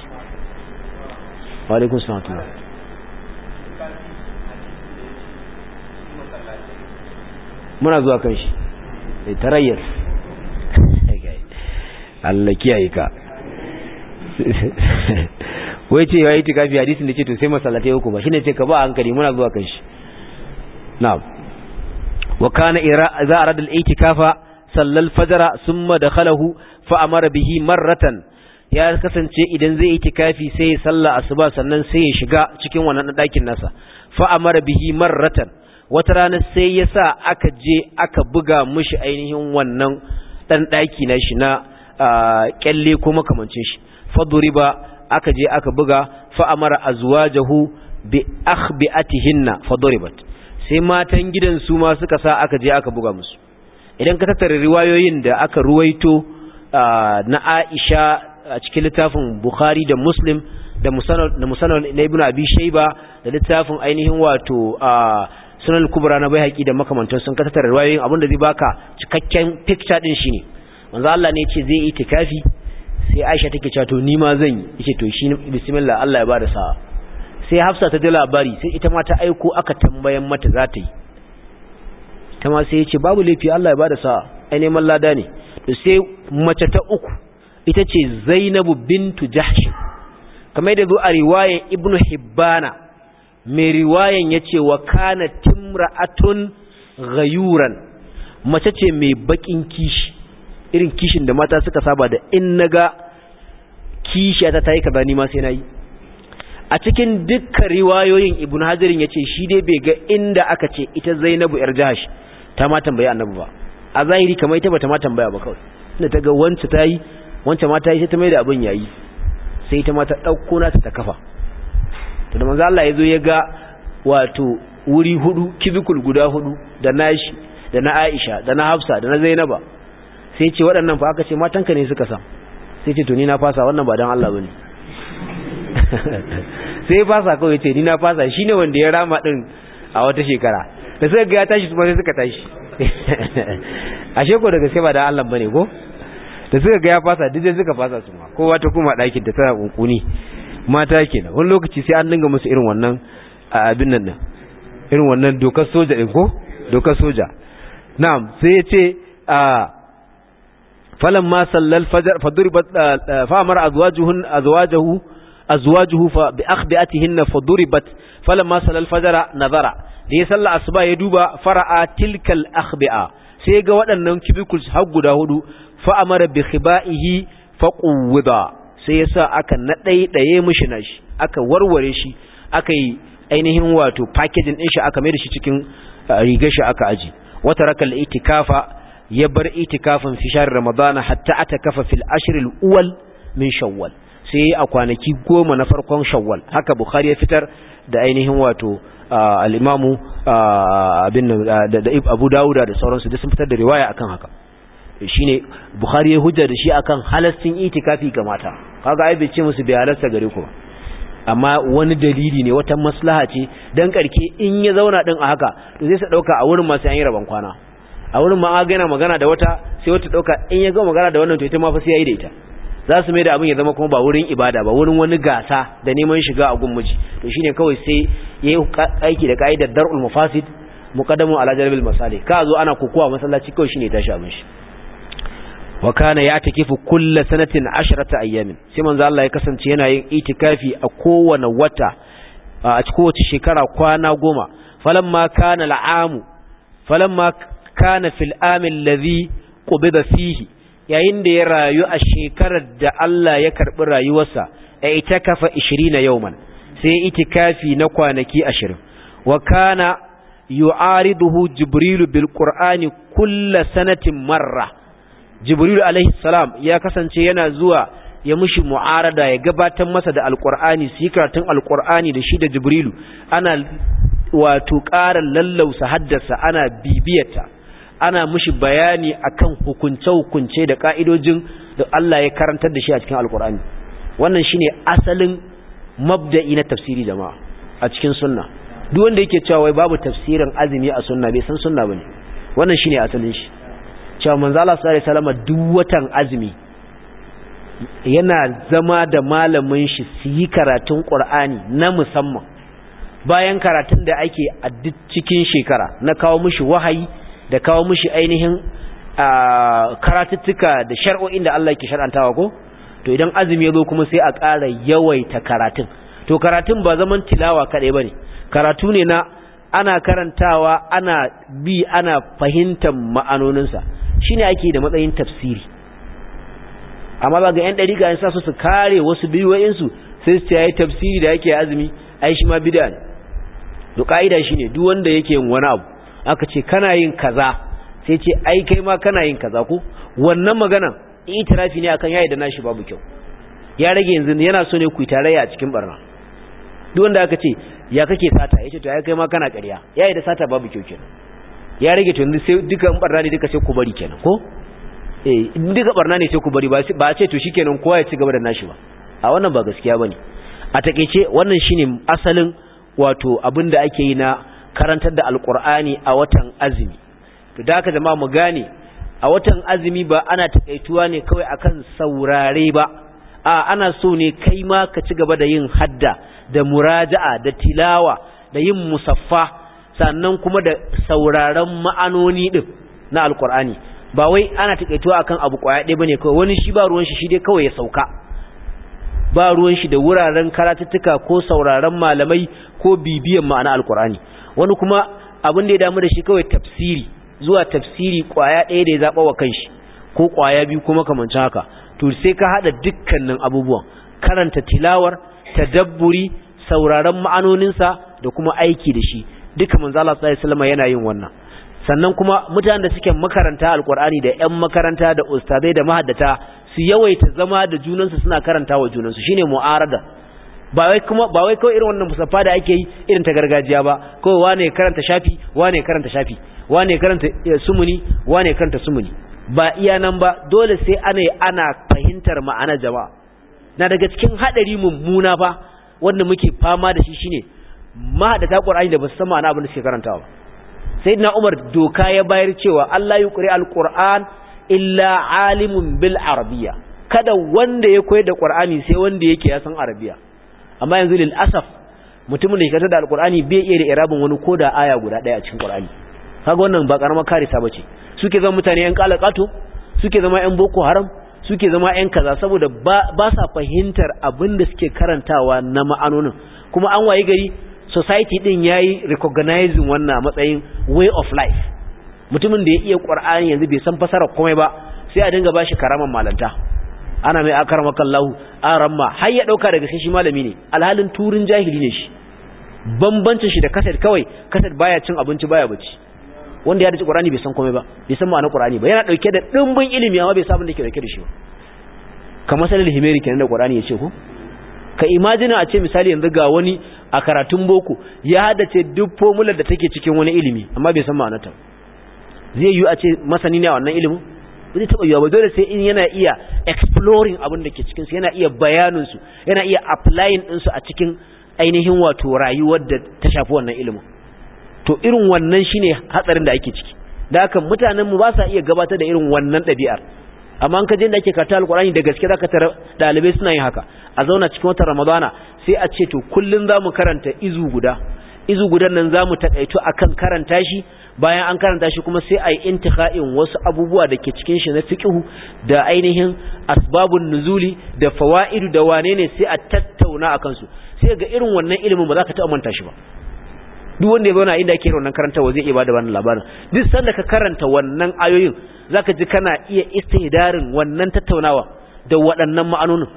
wa muna zuwa kan shi tarayyar Allah kiyaye ka wai ce yayi tikafi hadisin da ce to sai masallatai uku ba shine ce ka ba hankali muna zuwa kan shi na'am wa kana ira za arad al-itikafa sallal fajra thumma dakhalahu fa amara bihi marratan ya kasance idan zai itikafi sai ya salla asuba sannan sai ya shiga cikin wannan dakin nasa fa amara bihi marratan wata rana sai ya sa aka je aka buga mushi ainihin wannan dan daki na shi na kyalle ko makamancin shi faduriba aka je aka buga fa amara azwajahu bi akhbiatihinna faduribat sai matan gidan su ma suka sa aka je aka buga musu idan ka tattara riwayoyin da aka ruwaito na Aisha a cikin littafin Bukhari da Muslim da musannad na Ibn Abi Shayba da littafin ainihin wato sunan kubra na bai haƙi da makamantar sun ka tattara abinda zai baka cikakken picture din shine manzo Allah ne ce zai itikafi sai Aisha take cewa to ni ma zan yi to shi bismillah Allah ya bada sa'a sai Hafsa ta ji labari sai ita ma ta aiko aka tambayan mata za ta yi ta ma sai yace babu laifi Allah ya bada sa'a ai neman lada ne to sai mace ta uku ita ce Zainabu bintu Jahsh kamar da zo a riwayar Ibn Hibbana mai riwayan yace wa kana timra'atun ghayuran mace ce mai bakin kishi irin kishin da mata suka saba da in naga kishi ta tayi kaza ni ma sai nayi a cikin dukkan riwayoyin ibn ya yace shi dai bai ga inda aka ce ita zainabu yar jahash ta ma tambaye annabi ba a zahiri kamar ita ba ta ma tambaya ba kawai inda ta ga wancan ta yi wance ma ta yi sai ta mai da abin yayi sai ta ma ta dauko nata ta kafa to da manzo Allah yazo ya ga wato wuri hudu kibikul guda hudu da nashi da na Aisha da na Hafsa da na Zainaba sai ce waɗannan fa aka ce matanka ne suka sa sai ce to ni na fasa wannan ba dan Allah bane [laughs] sai ya fasa kawai ce ni na fasa shine wanda ya rama din a wata shekara da suka ga ya tashi kuma sai suka tashi [laughs] ashe ko da gaske ba dan Allah bane ko da suka ga ya fasa duk sai suka fasa su ma kowa ta kuma ɗakin ta tana kunkuni mata kenan wani lokaci sai an dinga musu irin wannan abin nan din irin wannan dokar soja din ko dokar soja na'am sai ya ce a فلما صلى الفجر فضربت فامر ازواجهن ازواجه ازواجه باخبئتهن فضربت فلما صلى الفجر نظر da ya salla asuba ya duba fara'a tilkal akhbi'a sai ga waɗannan cubicles har guda hudu fa amara bi khiba'ihi fa quwwida sai sa aka naɗaiɗaye nadaidaye na shi aka warware shi aka yi ainihin wato packaging din shi aka mai da shi cikin rigar shi aka aji wata rakal itikafa ya bar itikafin fi shahr ramadana hatta atakafa fil ashr al awwal min shawwal sai a kwanaki goma na farkon shawwal haka bukhari ya fitar da ainihin wato al-imamu abin da abu dauda da sauransu da sun fitar da riwaya akan haka eh, shine bukhari ya hujja da shi akan halastin itikafi ga mata kaga ai bai ce musu bai halasta gare ku amma wani dalili ne wata maslaha ce dan karke in ya zauna din a haka to zai sa dauka a wurin masu yan rabon kwana a wurin ma aga yana magana da wata sai wata dauka in ya ga magana da wannan to ita ma fa sai yayi da ita za su mai da abin ya zama kuma ba wurin ibada ba wurin wani gasa da neman shiga a gummuji to shine kawai sai yayi aiki da kaidar dar'ul mufasid muqaddamu ala jalbil masali ka zo ana kokowa masallaci kawai shine tashi abin shi wa kana ya'takifu kull sanatin 10 ayyamin sai manzo Allah ya kasance yana yin itikafi a kowane wata a kowace shekara kwana goma falamma kana al'amu falamma kana fil amin ladhi qubida fihi yayin da ya rayu a shekarar da Allah ya karɓi rayuwarsa ay itakafa 20 yawman sai itikafi na kwanaki ashirin. wa kana yu'ariduhu jibrilu bil qur'ani kulla sanatin marra jibrilu alaihi salam ya kasance yana zuwa ya mushi mu'arada ya gabatar masa da alqur'ani su karatun alqur'ani da shi da jibrilu ana wato ƙara lallausa haddasa ana bibiyarta ana mushi bayani akan hukunce-hukunce da ka'idojin da Allah ya karantar da shi a cikin alkur'ani wannan shine asalin mabda'i na tafsiri jama'a a cikin sunna duk wanda yake cewa wai babu tafsirin azumi a sunna bai san sunna bane wannan shine asalin shi cewa manzo Allah sallallahu alaihi wasallam duk watan azumi yana zama da malamin shi su yi karatun Qur'ani na musamman bayan karatun da ake a duk cikin shekara na kawo mishi wahayi da kawo mishi ainihin karatuttuka da shar'o'in da Allah ke shar'antawa ko to idan azumi ya zo kuma sai a ƙara yawaita karatun to karatun ba zaman tilawa kaɗai ba ne karatu ne na ana karantawa ana bi ana fahimtar ma'anoninsa shi ne ake da matsayin tafsiri amma ba ga 'yan ɗari yin sa su su kare wasu biyoyinsu sai su yayi tafsiri da yake azumi ai shi ma bida ne to ƙa'ida shi ne duk wanda yake wani abu aka ce kana yin kaza sai ce ai kai ma kana yin kaza ko wannan magana itirafi ne akan yayi da nashi babu kyau ya rage yanzu yana so ne ku yi tarayya a cikin barna duk wanda aka ce ya kake sata yace to ai kai ma kana ƙarya yayi da sata babu kyau kenan ya rage to yanzu sai duka barna ne duka sai ku bari kenan ko eh duka barna ne sai ku bari ba ce to shikenan kowa ya ci gaba da nashi ba a wannan ba gaskiya bane a takeice wannan shine asalin wato abinda ake yi na karantar da alkur'ani a watan azumi to da haka zama mu gane a watan azumi ba ana takaituwa ne kawai akan saurare ba a ana so ne kai ma ka ci gaba da yin hadda da muraja'a da tilawa da yin musaffa sannan kuma da sauraron ma'anoni din na alkur'ani ba wai ana takaituwa akan abu kwaya ɗaya bane kawai wani shi ba ruwan shi shi dai kawai ya sauka ba ruwan shi da wuraren karatuttuka ko sauraron malamai ko bibiyan ma'ana alkur'ani wani kuma abin da ya damu da shi kawai tafsiri zuwa tafsiri kwaya ɗaya da ya zaɓa wa kanshi ko kwaya biyu kuma kamancin haka to sai ka haɗa dukkanin abubuwan karanta tilawar tadabburi sauraron ma'anoninsa da kuma aiki da shi duka manzo Allah sallallahu alaihi yana yin wannan sannan kuma mutanen da suke makaranta alqur'ani da ƴan makaranta da ustazai da mahaddata su yawaita zama da junansu suna karanta wa junansu shine mu'arada ba wai kuma ba wai kawai irin wannan musaffa da ake yi irin ta gargajiya ba ko wane karanta shafi wane karanta shafi wane karanta eh, sumuni wane karanta sumuni ba iya nan ba dole sai ana ana fahimtar ma'ana jama'a na daga cikin hadari mummuna fa wanda muke fama da shi shine ma da ta Qur'ani da ba su san ma'ana abin da suke karantawa sayyidina Umar doka ya bayar cewa Allah ya qur'i alquran illa alimun bil arabiyya kada wanda ya koyar da Qur'ani sai wanda yake ya san arabiya amma yanzu lil asaf mutumin da ke da alqur'ani bai iya da irabin wani koda aya guda daya a cikin qur'ani kaga wannan ba karamar karisa bace suke zama mutane yan kalakato suke zama yan boko haram suke zama yan kaza saboda ba sa fahimtar abin da suke karantawa na ma'anonin kuma an waye gari society din yayi recognizing wannan matsayin way of life mutumin da ya iya qur'ani yanzu bai san fasara komai ba sai a dinga bashi karaman malanta ana mai akar makallahu aramma har ya dauka daga sai shi malami ne alhalin turin jahili ne shi bambancin shi da kaset kawai kaset baya cin abinci baya bacci wanda ya dace qur'ani bai san komai ba bai san ma'anar qur'ani ba yana dauke da ɗimbin ilimi amma bai sabon da yake dauke da shi ba kamar salil himeri kenan da qur'ani ce ko ka imagine a ce misali yanzu ga wani a karatun boko ya ce duk formular da take cikin wani ilimi amma bai san ma'anarta zai yi a ce masani ne a wannan ilimin ba zai taba yiwa ba dole sai in yana iya exploring abin da ke cikin su yana iya bayanin su yana iya applying din su a cikin ainihin wato rayuwar da ta shafi wannan ilimin to irin wannan shine hatsarin da ake ciki da haka mutanen mu ba sa iya gabatar da irin wannan ɗabi'ar amma an kaje da ake karanta alqur'ani da gaske zaka tar dalibai suna yin haka a zauna cikin watan ramadana sai a ce to kullun zamu karanta izu guda izu gudan nan zamu takaito akan karanta shi bayan an karanta shi kuma sai yi intikha'in wasu abubuwa da ke cikin shi na fiqhu da ainihin asbabun nuzuli da fawaidu da wane ne sai a tattauna a kansu sai ga irin wannan ilimin ba za ka taɓa manta shi ba duk wanda ya zauna inda ake irin wannan karantawa zai iya bada wannan labarin duk sanda ka karanta wannan ayoyin zaka ji kana iya istihdarin wannan tattaunawa da waɗannan ma'anonin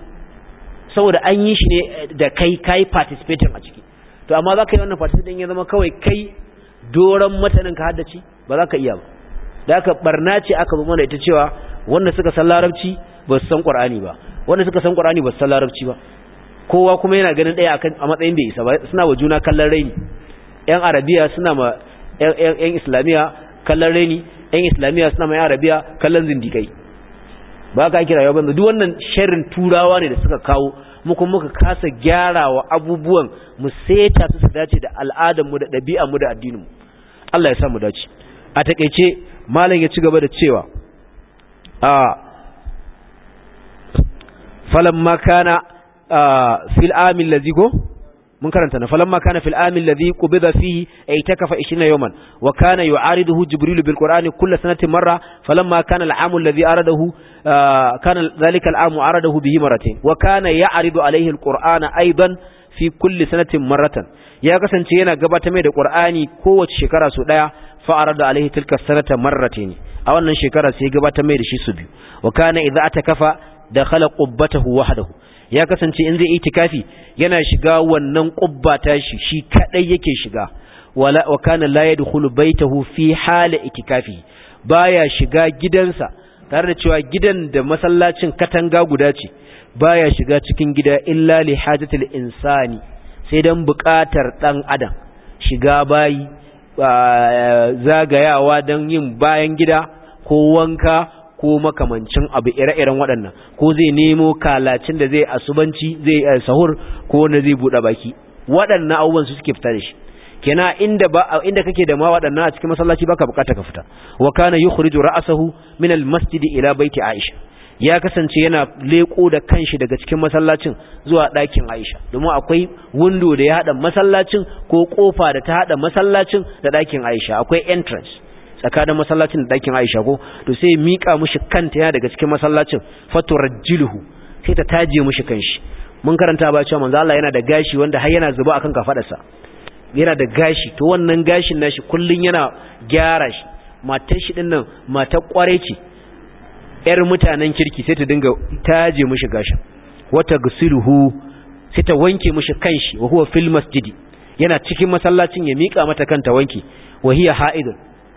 saboda an yi shi ne da kai kai participating a ciki to amma za ka yi wannan participating ya zama kawai kai doron matanin ka haddace ba za ka iya ba da aka barna ce aka zo mana ita cewa wanda suka san larabci ba su san qur'ani ba wanda suka san qur'ani ba su san larabci ba kowa kuma yana ganin daya akan a matsayin da isa ba suna wa juna kallon raini yan arabiya suna ma yan islamiya kallon raini yan islamiya suna ma yan arabiya kallon zindikai ba ka kira yau banza duk wannan sharrin turawa ne da suka kawo mu kuma muka kasa gyara wa abubuwan mu seta su su dace da al'adar mu da ɗabi'ar mu da addinin mu Allah ya sa mu dace a takeice malam ya ci gaba da cewa a falamma kana fil amil mun karanta na falamma kana fil amil ladhi qubida fihi ay takafa 20 yawman wa kana yu'ariduhu jibril bil qur'ani kull sanatin marra falamma kana al amul ladhi aradahu ah, kana dhalika al amu aradahu bihi marratayn wa kana ya'ridu alayhi al qur'ana aidan fi kulli sanatin marratan ya kasance yana gabatar mai da qur'ani kowace shekara su daya fa arada alayhi tilka sanata marratayn a wannan shekara sai gabatar mai da shi su biyu wa kana idza atakafa dakhala qubbatahu wahdahu ya kasance in zai itikafi yana shiga wannan kubba tashi shi kadai yake shiga wala wa kana la yadkhulu baytahu fi hal itikafi baya shiga gidansa tare da cewa gidan da masallacin katanga guda ce baya shiga cikin gida illa li hajatil insani sai dan buƙatar dan adam shiga bayi zagayawa dan yin bayan gida ko wanka ko makamancin abu ire-iren waɗannan ko zai nemo kalacin da zai asubanci zai eh, sahur ko wanda zai buɗe baki waɗannan abubuwan su suke fita da shi kena inda ba inda kake da ma waɗannan a cikin masallaci baka bukata ka fita wa kana yukhriju ra'sahu min al-masjid ila baiti Aisha ya kasance yana leko da kanshi daga cikin masallacin zuwa ɗakin Aisha domin akwai window da ya hada masallacin ko kofa da ta hada masallacin da ɗakin Aisha akwai entrance tsakanin masallacin da ɗakin Aisha ko to sai ya miƙa mushi kanta ya daga cikin masallacin faturajjiluhu sai ta taje mushi kanshi mun karanta ba cewa manzo Allah yana da gashi wanda har yana zuba akan kafadarsa yana da gashi to wannan gashin nashi kullun yana gyara shi matar shi dinnan matar kware ce yar mutanen kirki sai ta dinga taje mushi gashin wata gusiruhu sai ta wanke mushi kanshi wa huwa fil masjidi yana cikin masallacin ya mika mata kanta wanki wa hiya ha'idun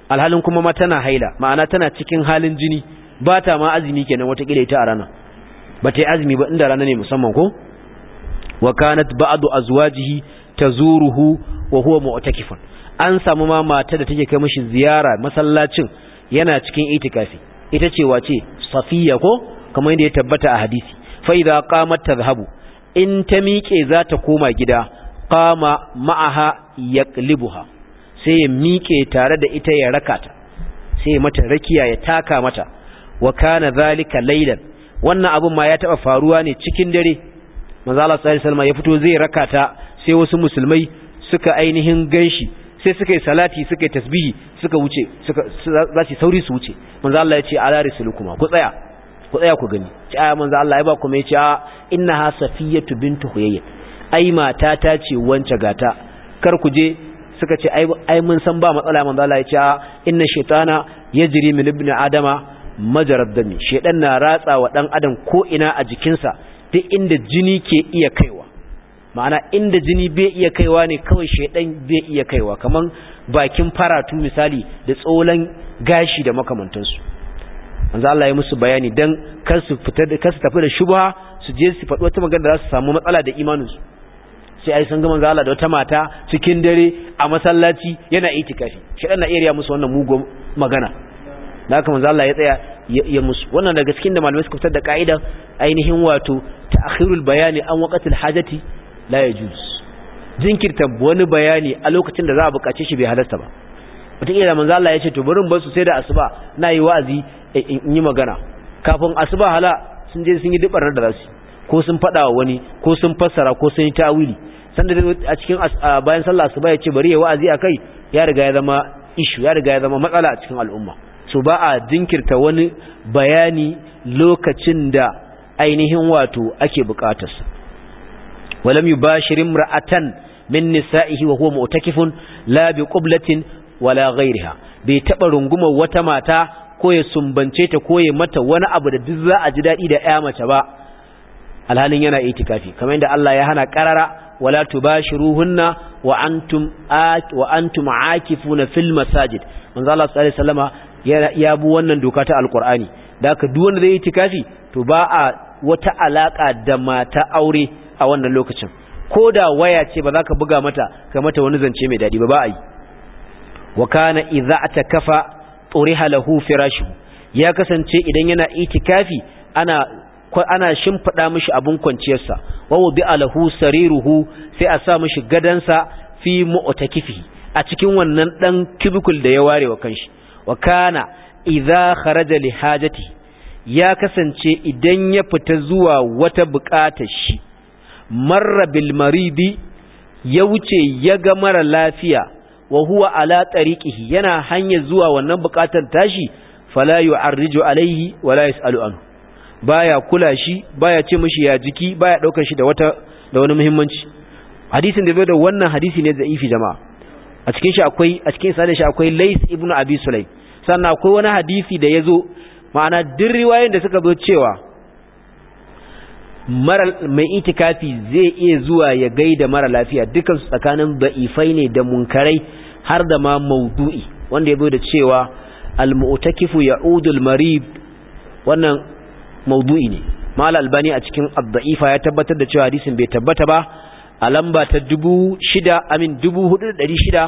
alhalin kuma ma tana haila ma'ana tana cikin halin jini ba ta ma azumi kenan watakila ita a rana ba ta yi azumi ba inda rana ne musamman ko wa kanat ba'du azwajihi tazuruhu wa huwa mu'takifan an samu ma mata da take kai mishi ziyara masallacin yana cikin itikafi ita ce wace safiya ko kamar yadda ya tabbata a hadisi fa idza qamat tadhhabu in ta miƙe za ta koma gida qama ma'aha yaqlibuha sai ya miƙe tare da ita ya raka ta sai ya mata rakiya ya taka mata wa kana zalika laylan wannan abun ma ya taba faruwa ne cikin dare manzo Allah sallallahu alaihi wasallam ya fito zai raka ta sai wasu musulmai suka ainihin ganshi sai suka yi salati suka yi tasbihi suka wuce suka za su sauri su wuce manzo Allah ya ce ala risulukuma ku tsaya ku tsaya ku gani ci aya manzo Allah ya ba ku mai ci a innaha safiyatu bintu huyayy ai mata ta ce wance gata kar ku je suka ce ai mun san ba matsala manzo Allah ya ce inna shaytana yajri min ibni adama majarad dami shaydan na ratsa wa dan adam ko ina a jikinsa duk inda jini ke iya kaiwa ma'ana inda jini bai iya kaiwa ne kawai shaydan bai iya kaiwa kaman bakin faratu misali da tsolan gashi da makamantansu manzo Allah ya musu bayani dan kar su fita kar su tafi da shubha su je su faɗo wata magana da za su samu matsala da imaninsu sai ai sun ga manzo da wata mata cikin dare a masallaci yana itikafi shedan na iya musu wannan mugo magana da haka manzo Allah ya tsaya ya musu wannan daga cikin da malamai suka fitar da ka'ida ainihin wato ta'khirul bayani an waqtil hajati la yajuz jinkirta wani bayani a lokacin da za a buƙace shi bai halarta ba iya manzo Allah ya ce to barin bar sai da asuba na yi wa'azi eh, eh, in yi magana kafin asuba hala sun je sun yi dubar da zasu ko sun faɗawa wani ko sun fassara ko sun yi tawili sanda a cikin bayan sallah su ba ya ce bari ya wa'azi a kai ya riga ya zama ishu ya riga ya zama matsala a cikin al'umma so ba a jinkirta wani bayani lokacin da ainihin wato ake buƙatar sa walam yubashir imra'atan min nisa'ihi wa huwa mu'takifun la bi qublatin wala ghayriha bai taba rungumar wata mata ko ya sumbance ta ko ya mata wani abu da duk za a ji dadi da ƴa mace ba alhalin yana itikafi kamar yadda Allah ya hana karara wala tubashiruhunna wa antum wa antum aakifuna fil masajid manzo Allah sallallahu ya bi wannan doka ta alqur'ani da haka duk wanda zai yi tikafi to ba a wata alaka da mata aure a wannan lokacin ko da waya ce ba za ka buga mata ka mata wani zance mai dadi ba ba a yi wa kana idza atakafa turiha lahu firashu ya kasance idan yana itikafi ana ana shimfiɗa mishi abin kwanciyarsa wawo bi alahu sariruhu sai a sa mishi gadansa fi mu'takifi a cikin wannan dan cubicle da ya ware wa kanshi wa kana idza kharaja li hajati ya kasance idan ya fita zuwa wata buƙatar shi marra bil maridi ya wuce ya ga mara lafiya wa huwa ala tariqihi yana hanya zuwa wannan buƙatar tashi fala yu'arriju alaihi wala yas'alu anhu baya kula shi baya ce mishi ya jiki baya daukar shi da wata da wani muhimmanci hadisin da bai da wannan hadisi ne za'ifi jama'a a cikin shi akwai a cikin sa shi akwai Lais ibnu Abi Sulaim sannan akwai wani hadisi da yazo ma'ana duk riwayoyin da suka zo cewa mara mai itikafi zai iya zuwa ya gaida mara lafiya dukan su tsakanin da'ifai ne da munkarai har da ma maudu'i wanda ya bai da cewa al-mu'takifu ya'udul marid wannan maudu'i ne mal albani a cikin abda'ifa ya tabbatar da cewa hadisin bai tabbata ba a lamba ta dubu shida amin dubu hudu da dari shida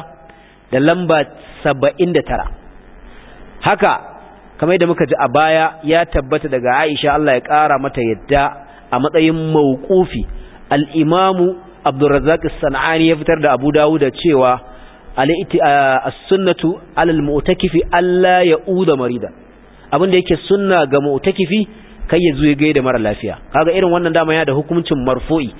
da lamba saba'in da tara haka kamar yadda muka ji a baya ya tabbata daga aisha allah ya ƙara mata yadda a matsayin mawqufi al-imamu abdurrazzaq as-sanani ya fitar da abu dawud cewa ah, as-sunnatu alal mu'takifi alla ya'uda marida abinda yake sunna ga mu'takifi kai ya zo ya gaida mara lafiya kaga irin wannan dama ya da hukuncin marfoi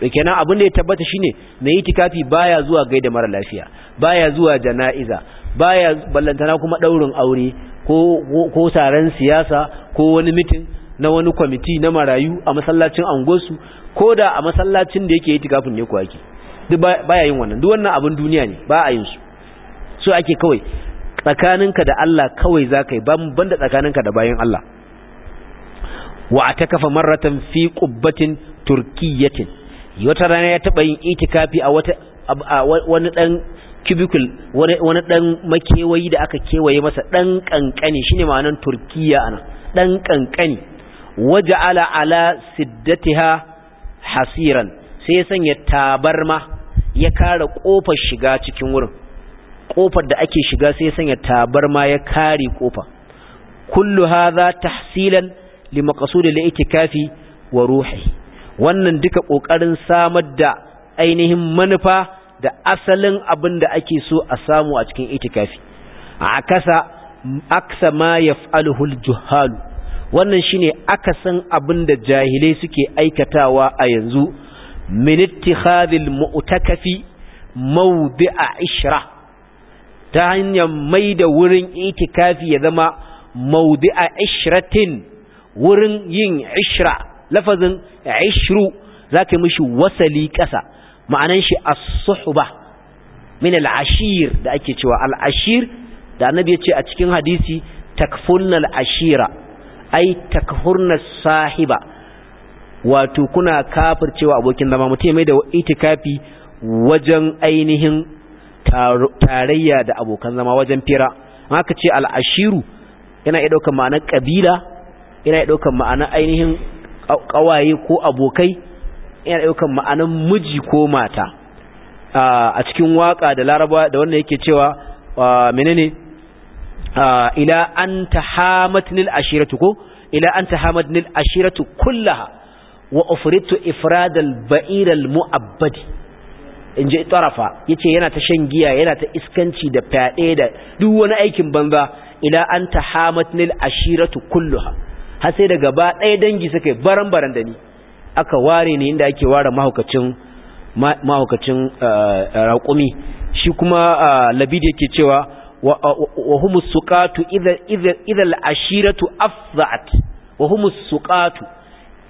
to kenan abin da ya tabbata shine yi tikafi baya zuwa gaida mara lafiya baya zuwa jana'iza baya ballantana kuma daurin aure ko ko taron siyasa ko wani mitin na wani kwamiti na marayu a masallacin angosu ko da a masallacin da yake tikafin ne kuwa duk baya yin wannan duk wannan abin duniya ne ba a yin su so ake kawai tsakaninka da Allah kawai zakai ban banda tsakaninka da bayin Allah wa atakafa marratan fi qubbatin turkiyatin wata rana ya taba yin itikafi a wata wani ɗan cubicle wani dan makewayi da aka kewaye masa dan kankani shine ma'anan turkiya ana dan kankani waja'ala ala siddatiha hasiran sai ya sanya tabarma ya kare kofar shiga cikin wurin ƙofar da ake shiga sai ya sanya tabarma ya kare kofa kullu hadha tahsilan li maqsud ita itikafi wa ruhi wannan duka kokarin samar da ainihin manufa da asalin abin da ake so a samu a cikin itikafi akasa aksa ma yaf'aluhu al-juhal wannan shine akasan abin da jahilai suke aikatawa a yanzu min ittikhadhil mu'takafi mawdi'a ishra ta hanyar mai da wurin itikafi ya zama mawdi'a ishratin wurin yin ishra lafazin ishru zaka mishi wasali ƙasa ma'anan shi as-suhba min al-ashir da ake cewa al-ashir da annabi ya ce a cikin hadisi takfunna al-ashira ai takhurna sahiba wato kuna cewa abokin zama mutum mai da itikafi wajen ainihin tarayya da abokan zama wajen fira haka ce al-ashiru yana iya ɗaukar ma'anar ƙabila yi ɗaukan ma'ana ainihin ƙawaye ko abokai ina ɗaukan ma'anar miji ko mata a cikin waka da laraba da wannan yake cewa menene ila an tahamatnil ashiratu ko ila an ashiratu kullaha wa ufritu ifradal ba'iral mu'abbadi in ji tarafa yace yana ta shan giya yana ta iskanci da fyaɗe da duk wani aikin banza ila an ta hamatnil ashiratu kullaha. har sai da gaba ɗaya dangi suka yi baran baran da ni aka ware ne inda ake ware mahaukacin eh, eh, raƙumi shi kuma eh, labidi yake cewa wa humus suqatu idza ashiratu afza'at wa humus suqatu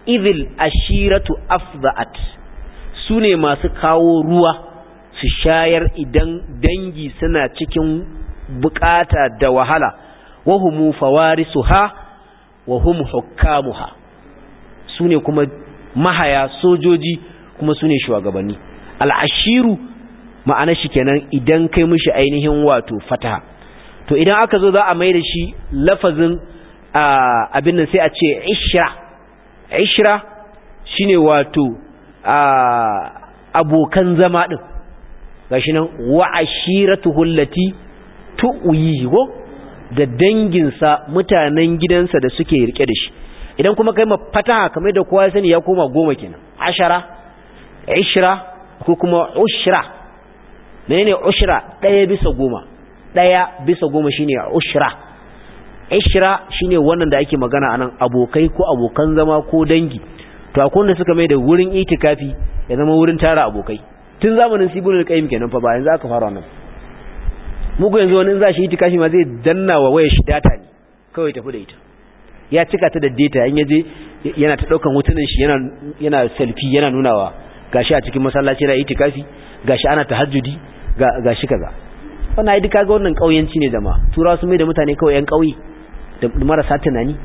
idil ashiratu afza'at su ne masu kawo ruwa su shayar idan dangi suna cikin bukata da wahala wahumu fawarisuha wa hum hukkamuha sune kuma mahaya sojoji kuma sune shugabanni al'ashiru ma'ana shi kenan idan kai mishi ainihin wato fataha to idan aka zo za a mai da shi lafazin abin nan sai a ce ishra ishra shine wato abokan zama din gashi nan wa ashiratuhu allati tu'yihi da danginsa mutanen gidansa da suke rike da shi idan kuma kai mafataha kamar da kowa sani ya koma goma kenan ashara ishra ko kuma ushra menene ushra daya bisa goma daya bisa goma shine ushra ishra shine wannan da ake magana anan abokai ko abokan zama ko dangi to akwai wanda suka mai da wurin itikafi ya zama wurin tara abokai tun zamanin sibulul qayyim kenan fa ba yanzu aka fara wannan muku yanzu wani za shi itikafi ma zai danna wa waya shi data ne kawai tafi da ita ya cika ta da data in yaje yana ta daukan wutunan shi yana yana selfie yana nunawa gashi a cikin masallaci na itikafi gashi ana tahajjudi ga gashi kaza wannan idan kaga wannan ƙauyenci ne jama'a turawa sun mai da mutane kawai yan kauye da marasa tunani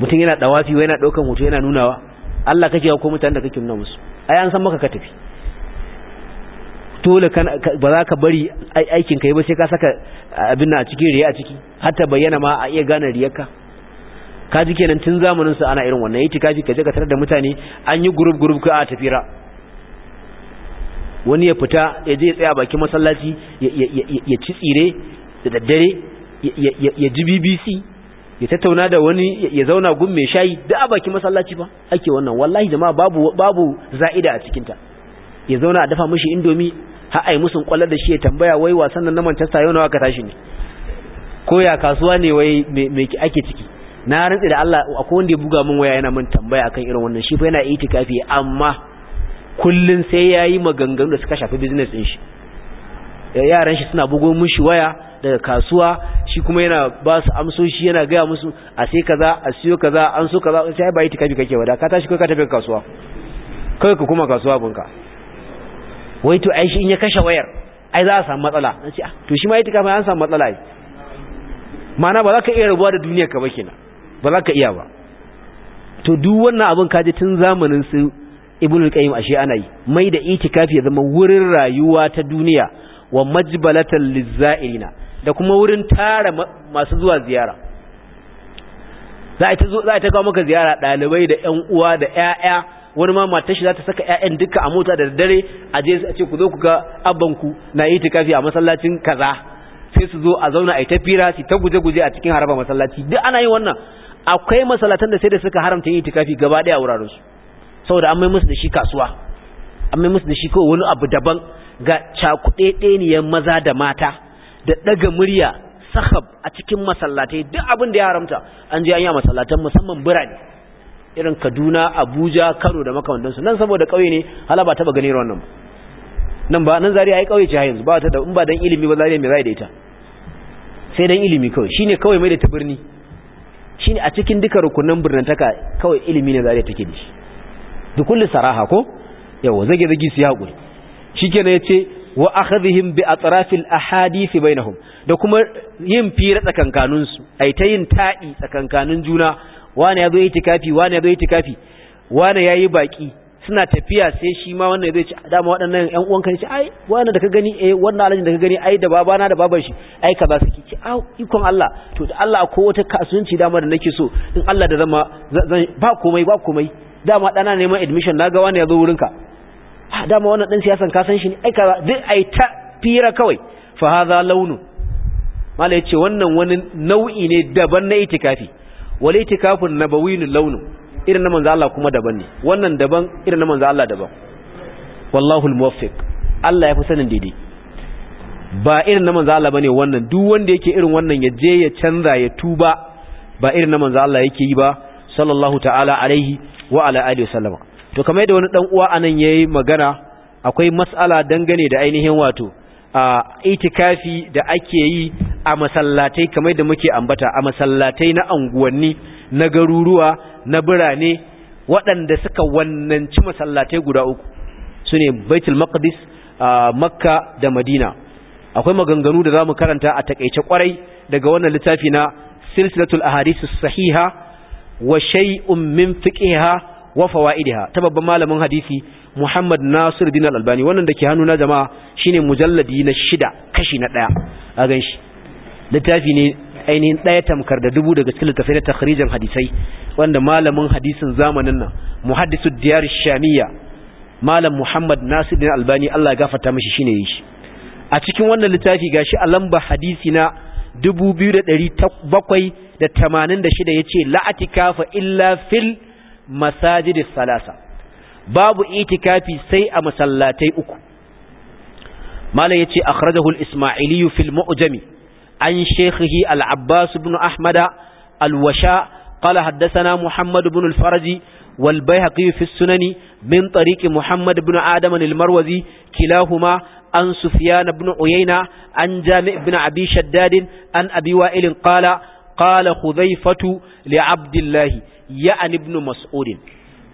mutum yana dawafi yana daukan hoto yana nunawa Allah kake ko mutane da kake nuna musu ai an san maka ka tafi dole ba za ka bari aikin ka yi ba sai ka saka abin a cikin riya a ciki hatta bayyana ma a iya gane riyarka ka ji kenan tun zamanin su ana irin wannan yace ka kaje ka tarar da mutane an yi group group ka a tafira wani ya fita ya je ya tsaya bakin masallaci ya ci tsire da daddare ya ji BBC ya tattauna da wani ya zauna gun mai shayi da a bakin masallaci ba ake wannan wallahi jama'a babu babu za'ida a cikin ya zauna a dafa mashi indomi har yi musun kwallar da shi ya tambaya wai wasan nan na Manchester yau nawa ka tashi ne ko ya kasuwa ne wai me ake ciki na rantsi da Allah akwai wanda ya buga min waya yana min tambaya akan irin wannan shi fa yana itikafi amma kullun sai yayi maganganu da suka shafi business din shi yaran shi suna bugo mishi waya daga kasuwa shi kuma yana ba su amsoshi yana gaya musu a sai kaza a siyo kaza an so kaza sai ba itikafi kake wada ka tashi kai ka tafi kasuwa kai ka kuma kasuwa bunka wai to ai shi in ya kashe wayar ai za a samu matsala na ce ah, to shi ma itikafin an samu matsala ai ma'ana ba za ka iya rabuwa da duniyar ka ba kenan ba za ka iya ba to duk wannan abin kaje tun zamanin su ibnu al-qayyim ashe ana yi mai da itikafi ya zama wurin rayuwa ta duniya wa majbalatan lizza'irina da kuma wurin tara masu zuwa ziyara za a ta zo za a ta kawo maka ziyara dalibai da ƴan uwa da ƴaƴa wani ma matar shi za ta saka ƴaƴan duka a mota da daddare a je a ce ku zo ku ga ku na yi tikafi a masallacin kaza sai su zo a zauna a yi ta fira su ta guje-guje a cikin haraba masallaci duk ana yin wannan akwai masallatan da sai da suka haramta yin tikafi gaba ɗaya a wuraren su saboda an mai musu da shi kasuwa an mai musu da shi kawai wani abu daban ga cakuɗeɗeniyar maza da mata da ɗaga murya sahab a cikin masallatai duk abin da ya haramta an je an yi a masallatan musamman birane irin kaduna abuja kano da makamantansu nan saboda ƙauye ne hala ba taɓa ganin wannan ba nan ba nan zariya ai ƙauye ce yanzu ba ta da in ba dan ilimi ba zariya mai za da ita sai dan ilimi kawai shine kawai mai da ta birni shine a cikin duka rukunan birnantaka kawai ilimi ne zariya take da shi da kullu saraha ko yawa zage zage su hakuri shikenan yace wa akhadhihim bi atrafil ahadith bainahum da kuma yin fira su ai ta yin ta'i tsakankanin juna wani ya zo yi tikafi wani ya zo yi tikafi wani ya yi baki suna tafiya sai shi ma wannan zai ci dama waɗannan ƴan uwan kan ce ai wannan da ka gani eh wannan alhaji da ka gani ai da na da baban shi ai ka ba su ci au ikon Allah to da Allah ko wata kasuwanci dama da nake so in Allah da zama zan ba komai ba komai dama dana neman admission naga wani ya zo wurin ka ah dama wannan dan siyasan ka san shi ne ai ka duk ai ta fira kawai fa hadha launu mallai ce wannan wani nau'i ne daban na itikafi wal itikafun nabawiyun launu irin na manzo Allah kuma daban ne wannan daban irin na manzo Allah daban wallahu almuwaffiq Allah ya fi sanin daidai ba irin na manzo Allah bane wannan duk wanda yake irin wannan ya je ya canza ya tuba ba irin na manzo Allah yake yi ba sallallahu ta'ala alaihi wa ala alihi wasallama to kamar yadda wani dan uwa anan yayi magana akwai mas'ala dangane da ainihin wato a itikafi da ake yi a masallatai kamar da muke ambata a masallatai na anguwanni na garuruwa na birane waɗanda suka wannanci masallatai guda uku su ne baitul maqdis makka da madina akwai maganganu da za mu karanta a takaice kwarai daga wannan littafi na silsilatul ahadisus sahiha wa shay'un min fiqhiha wa fawaidiha ta babban malamin hadisi Muhammad Nasiruddin albani wannan da ke na jama'a shine mujalladi na shida kashi na daya a ganshi littafi ne ainihin ɗaya tamkar da dubu daga cikin littafai na takhrijin hadisai wanda malamin hadisin zamanin nan muhaddisu diyar shamiya malam muhammad nasiruddin albani allah ya gafarta mishi shine yi shi a cikin wannan littafi gashi a lamba hadisi na da 2786 yace la'atikafa illa fil masajidis salasa babu itikafi sai a masallatai uku malam yace akhrajahu al-isma'ili fil mu'jami عن شيخه العباس بن أحمد الوشاء قال حدثنا محمد بن الفرج والبيهقي في السنن من طريق محمد بن آدم المروزي كلاهما عن سفيان بن عيينة عن جامع بن أبي شداد عن أبي وائل قال قال خذيفة لعبد الله يعني ابن مسعود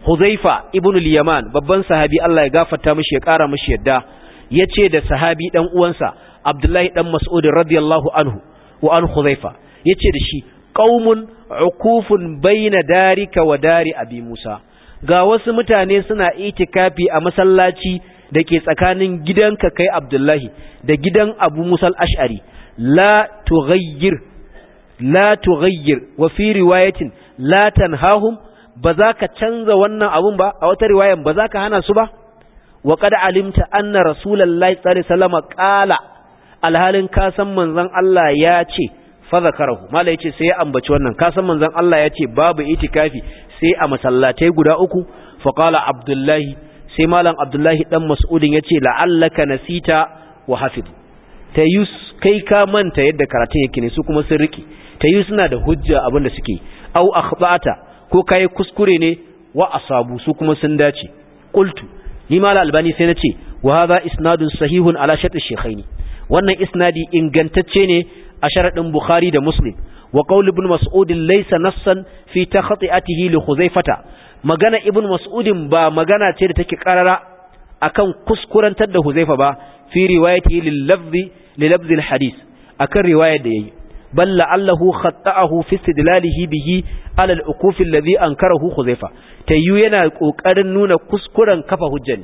خذيفة ابن اليمان babban sahabi Allah ya gafarta mishi ya kara mishi yadda yace da sahabi dan uwansa abdullahi dan Mas'udin radiyallahu anhu wa an khuzaifa yace da shi qaumun ukufun baina darika wa dari abi musa ga wasu mutane suna itikafi a masallaci da ke tsakanin gidanka kai abdullahi da gidan abu musa al-ash'ari la tughayyir la tughayyir wa fi riwayatin la tanhahum ba za ka canza wannan abun ba a wata riwayan ba za ka hana su ba wa qad alimta anna rasulullahi sallallahu alaihi wasallam qala alhalin kasan san manzon Allah ya ce fa zakarahu malai yace sai ya ambaci wannan ka san manzon Allah ya ce babu itikafi sai a masallatai guda uku fa qala abdullahi sai malam abdullahi dan mas'udin yace la'allaka nasita wa hafid tayus kai ka manta yadda karatun yake ne su kuma sun riki Tayus suna da hujja abinda suke au akhbata ko kai kuskure ne wa asabu su kuma sun dace qultu ni Malam albani sai nace wa hadha isnadun sahihun ala shart shaykhaini wannan isnadi ingantacce ne a sharadin bukhari da muslim wa qaul ibn mas'ud laysa nassan fi takhati'atihi li khuzaifata magana ibn mas'ud ba magana ce da take karara akan kuskurantar da huzaifa ba fi riwayatihi lil lafzi li lafzi hadith akan riwayar da yayi بل لعله خطأه bihi. استدلاله به على الأقوف الذي أنكره خزيفة yana ينا nuna kuskuren kafa كفا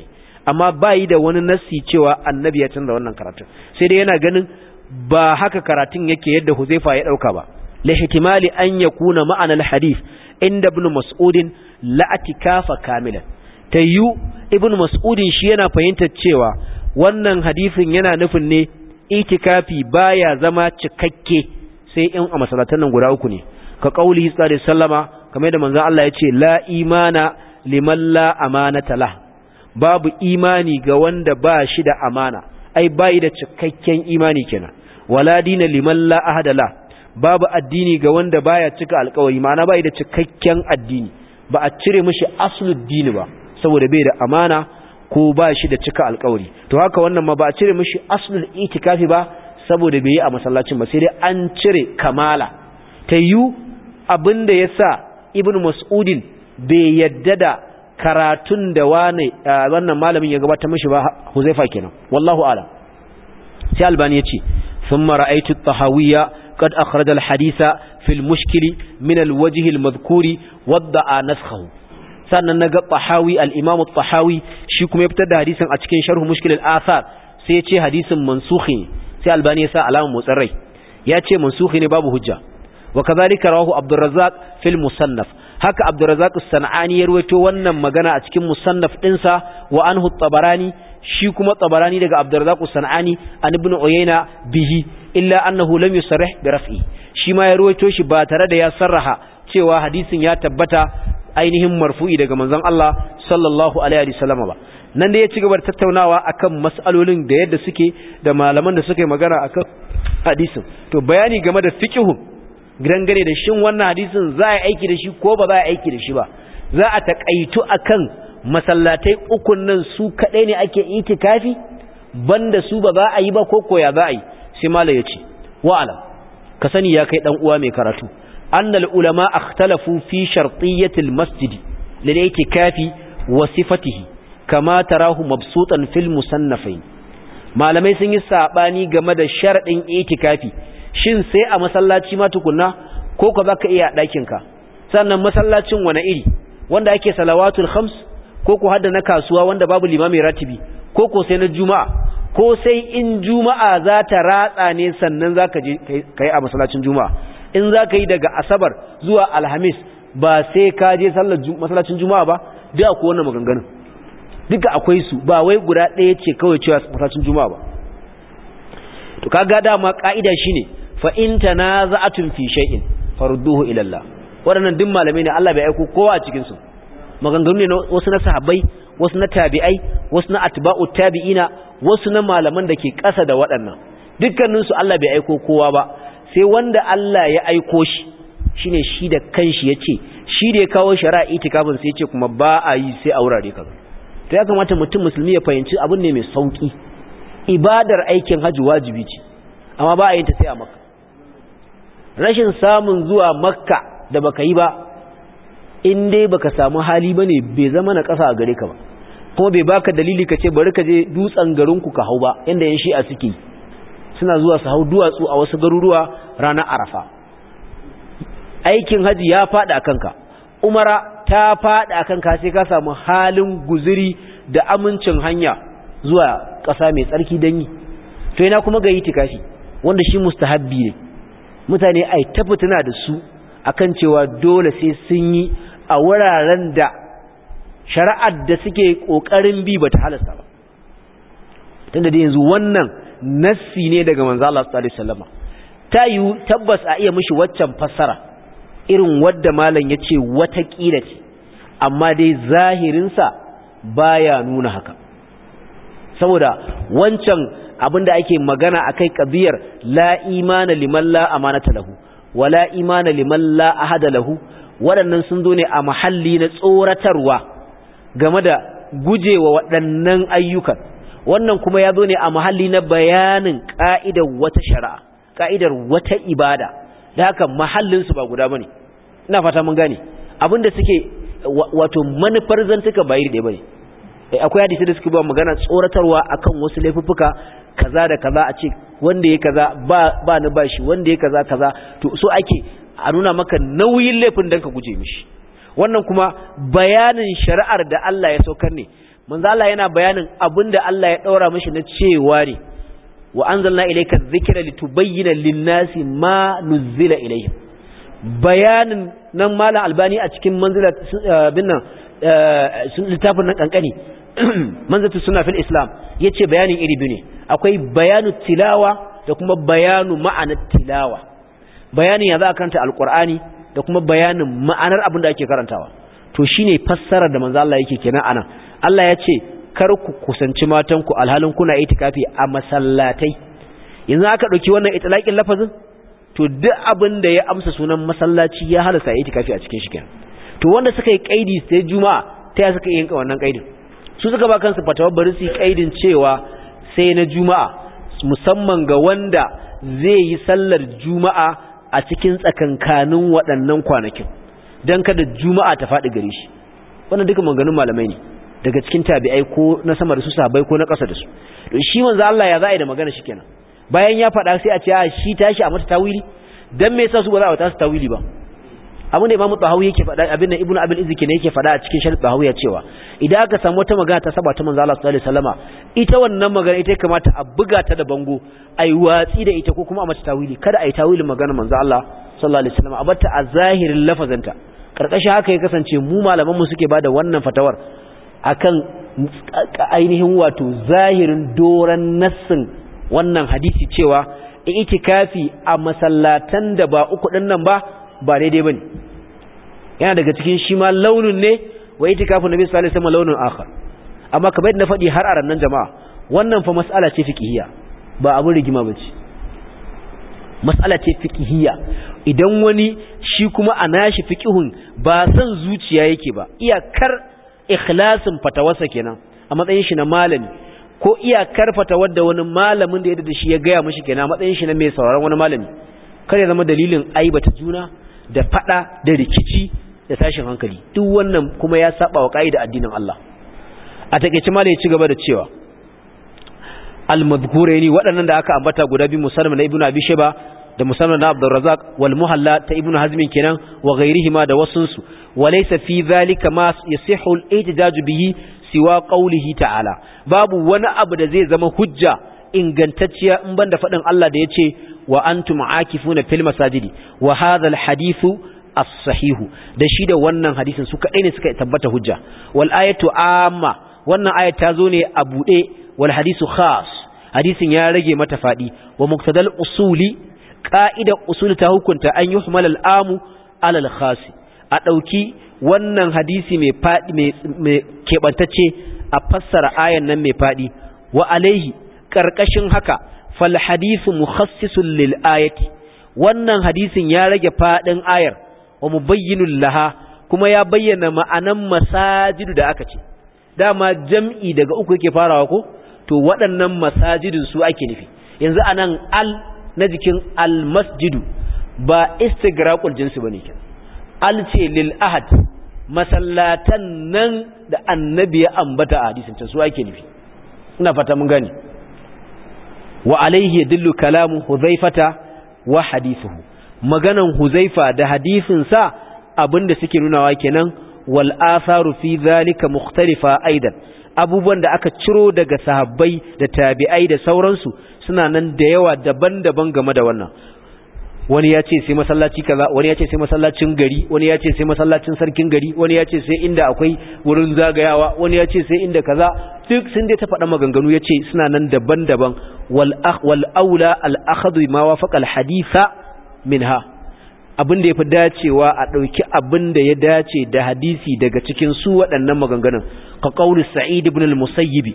amma ba yi da wani nassi cewa annabi ya canza wannan karatun sai dai yana ganin ba haka karatun yake yadda huzaifa ya dauka ba la ihtimali an yakuna ma'ana al-hadith inda ibn mas'udin la atikafa kamilan tayyu ibn mas'udin shi yana fahimtar cewa wannan hadisin yana nufin ne itikafi baya zama cikakke sai in a masalatan nan guda uku ne ka qauli sallallahu alaihi wasallama kamar da manzon Allah ya ce la imana liman la amanata lahu babu imani ga wanda ba shi da amana ai bai da cikakken imani kenan wala dina liman la ahada babu addini ga wanda baya cika alkawari ma'ana bai da cikakken addini ba a cire mishi aslud dini ba saboda bai da amana ko ba shi da cika alkawari to haka wannan ma ba a cire mishi aslul itikafi ba saboda bai yi a masallacin ba sai dai an cire kamala ta yi abin da ya sa ibn mas'udin bai yadda da karatun da wane wannan malamin ya gabata mashi ba huzaifa kenan wallahu alam sai albani ya ce ثم رأيت الطهوية قد أخرج الحديث في المشكل من الوجه المذكور وضع نسخه sannan na ga tahawi al-imamu tahawi shi kuma ya fitar da hadisin a cikin sharhu mushkil al-athar sai ce hadisin mansukhi ne sai albani ya sa alamun motsin rai ya ce mansukhi ne babu hujja wa kadhalika rawahu abdurrazzaq fil musannaf haka abdurrazzaq as-sanani ya ruwaito wannan magana a cikin musannaf dinsa wa anhu tabarani shi kuma tabarani daga abdurrazzaq as-sanani an ibn uyayna bihi illa annahu lam yusarrih bi raf'i shi ma ya ruwaito shi ba tare da ya sarraha cewa hadisin ya tabbata ainihin marfu'i daga manzon Allah sallallahu alaihi sallam ba nan da ya ci gaba da tattaunawa akan mas'alolin da yadda suke da malaman da suke yi magana akan hadisin to bayani game da fiqhu dangane da shin wannan hadisin za a aiki da shi ko ba za a aiki da shi ba za a takaitu akan masallatai ukun nan su kadai ne ake itikafi banda su ba za a yi ba ko koya za a yi sai mala ya ce wa'ala ka sani ya kai dan uwa mai karatu annal ulama ikhtalafu fi shartiyyatil masjidi lil itikafi wa sifatihi kama tarahu mabsutan fil musannafain malamai sun yi sabani game da sharadin itikafi shin sai a masallaci ma tukunna ko ka baka iya a ɗakinka sannan masallacin wani iri wanda ake salawatul khams ko ko hadda na kasuwa wanda babu limami ratibi ko ko sai na juma'a ko sai in juma'a za ta ratsa ne sannan za ka yi a masallacin juma'a in za ka yi daga asabar zuwa alhamis ba sai ka je masallacin juma'a ba duk akwai wannan maganganun duka akwai su ba wai guda ɗaya ce kawai cewa masallacin juma'a ba to kaga dama ka'ida shine fa in tanaza'atun fi shay'in farudduhu ila Allah waɗannan duk malamai ne Allah bai aiko kowa a cikin su maganganu ne wasu na sahabbai wasu na tabi'ai wasu na atba'u tabi'ina wasu na malaman da ke ƙasa da waɗannan su Allah bai aiko kowa ba sai wanda Allah ya aiko shi shine shi da kanshi yace shi da ya kawo shari'a itikafin sai yace kuma ba a yi sai a wurare kaza to ya kamata mutum musulmi ya fahimci abun ne mai sauki ibadar aikin haji wajibi ce amma ba a yin ta sai a maka. rashin samun zuwa makka da baka yi ba in dai baka samu hali ne bai zama na ƙasa a gare ka ba kuma bai baka dalili ka ce bari ka je dutsen garinku ka hau ba inda yan shi'a suke suna zuwa su hau duwatsu a wasu garuruwa ranar arafa aikin haji ya faɗi a kanka umara ta faɗi a kanka sai ka samu halin guziri da amincin hanya zuwa ƙasa mai tsarki don yi to yana kuma ga yi tikashi wanda shi mustahabbi ne mutane ai ta fitina da su akan cewa dole sai sun yi a wuraren da shari'ar da suke kokarin bi bata halasta ba tunda da yanzu wannan nassi ne daga manzo Allah sallallahu alaihi ta yi tabbas a iya mishi waccan fassara irin wadda malam yace wata kila ce amma dai zahirinsa baya nuna haka saboda wancan abinda ake magana akai kabiyar la imana liman la amanata lahu la imana liman la ahada lahu waɗannan sun zo ne a mahalli na tsoratarwa game da gujewa waɗannan ayyukan wannan kuma ya zo ne a mahalli na bayanin ka'idar wata shari'a ka'idar wata ibada da haka mahallin su ba guda bane ina fata mun gane abinda suke wato manufar zantuka ba iri ɗaya bane eh, akwai hadisi da suke ba magana tsoratarwa akan wasu laifuffuka kaza da kaza a ce wanda ya kaza ba ni ba shi wanda ya kaza kaza to so ake a nuna maka nauyin laifin dan ka guje mishi wannan kuma bayanin shari'ar da Allah ya saukar ne manzo Allah yana bayanin abinda Allah ya daura mishi na cewa ne wa anzalna ilayka dhikra litubayyana lin-nasi ma nuzila ilayhim bayanin nan malam albani a cikin manzila bin nan eh, littafin nan kankani [clears throat] manzatu sunna fil islam yace bayanin iri biyu akwai bayanu tilawa da kuma bayanu ma'anar tilawa bayanin ya za a karanta alkur'ani da kuma bayanin ma'anar abin da ake karantawa to shine fassarar da manzo Allah yake kenan anan Allah ya ce kar ku kusanci matan ku alhalin kuna itikafi a masallatai yanzu aka dauki wannan itlaqin lafazin to duk abin da ya amsa sunan masallaci ya halasa itikafi a cikin shi kenan to wanda suka yi kaidi sai juma'a ta ya suka yi yanka wannan kaidin su suka ba kansu fatawa bari su yi kaidin cewa sai na juma'a musamman ga wanda zai yi sallar juma'a a cikin tsakankanin waɗannan kwanakin don kada juma'a ta faɗi gare shi wannan duka maganganun malamai ne daga cikin tabi'ai ko na sama da su sabai ko na ƙasa da su don shi manzo Allah ya za'a da magana shi kenan bayan ya faɗa sai a ce a shi tashi a mata tawili dan me yasa su ba za a mata tawili ba abin da Imam Tahawi yake faɗa abin da Ibn Abil Izzi ne yake faɗa a cikin Sharh Tahawi cewa idan aka samu wata magana ta saba ta manzo Allah sallallahu alaihi wasallama ita wannan magana ita kamata a buga ta da bango ai watsi da ita ko kuma a mata tawili kada ai tawili magana manzo Allah sallallahu alaihi wasallama a bata a zahirin lafazanta karkashin haka ya kasance mu malaman mu suke bada wannan fatawar akan ainihin wato zahirin doran nassin wannan hadisi cewa itikafi a masallatan da ba uku dinnan ba ba daidai bane yana daga cikin shi ma launin ne wa itikafun nabi sallallahu alaihi wasallam launin akhar amma kamar yadda na faɗi har a jama'a wannan fa mas'ala ce fiqhiyya ba abun rigima ba bace mas'ala ce fiqhiyya idan wani shi kuma a nashi fiqhun ba san zuciya yake ba iyakar ikhlasin fatawarsa kenan a matsayin shi na malami ko iyakar fatawar da wani malamin da ya da shi ya gaya mashi kenan a matsayin shi na mai sauraron wani malami kar ya zama dalilin aibata juna da fada da rikici da tashin hankali duk wannan kuma ya saba wa ka'ida addinin Allah a takeice malai ci gaba da cewa al-madhkuraini waɗannan da aka ambata guda biyu musalman na ibnu abi sheba da musamman na Abdurrazzaq wal Muhalla ta ibnu Hazm kenan wa ghairihima da wasunsu walaysa fi dhalika ma yasihu al-ihtijaj bihi siwa qawlihi ta'ala babu wani abu da zai zama hujja ingantacciya in banda faɗin Allah da yace wa antum aakifuna fil masajidi wa hadha al-hadithu as-sahihu da shi da wannan hadisin su kadai ne suka tabbata hujja wal ayatu amma wannan ayat ta zo ne a bude wal hadisu khas hadisin ya rage mata fadi wa muqtadal usuli qa'ida usuli ta hukunta an yuhmal al-amu ala al-khas a dauki wannan hadisi mai fadi mai kebantacce a fassara ayan nan mai fadi wa alaihi karkashin haka fal hadisu mukhassisun lil ayati wannan hadisin ya rage fadin ayar wa mubayyinul laha kuma ya bayyana ma'anan masajidu da aka ce dama jam'i daga uku yake farawa ko to waɗannan masajidin su ake nufi yanzu anan al na jikin al masjidu ba istigraqul jinsi bane kin al ce lil ahad masallatan nan da annabi ya ambata a hadisin ta su ake nufi ina fata mun gani wa alaihi yadullu kalamu hudhaifata wa hadithuhu maganan huzaifa da hadisinsa abinda suke nunawa kenan wal atharu fi zalika mukhtalifa aidan abubuwan da aka ciro daga sahabbai da tabi'ai da sauransu suna nan da yawa daban-daban game da wannan wani ya ce sai masallaci kaza wani ya ce sai masallacin gari wani ya ce sai masallacin sarkin gari wani ya ce sai inda akwai wurin zagayawa wani ya ce sai inda kaza duk sun dai ta faɗa maganganu ya ce suna nan daban-daban wal aula al akhadhu ma wafaqa al haditha minha abin da ya fi dacewa a ɗauki abin da ya dace da hadisi daga cikin su waɗannan maganganun ka ƙauli sa'id ibn al-musayyibi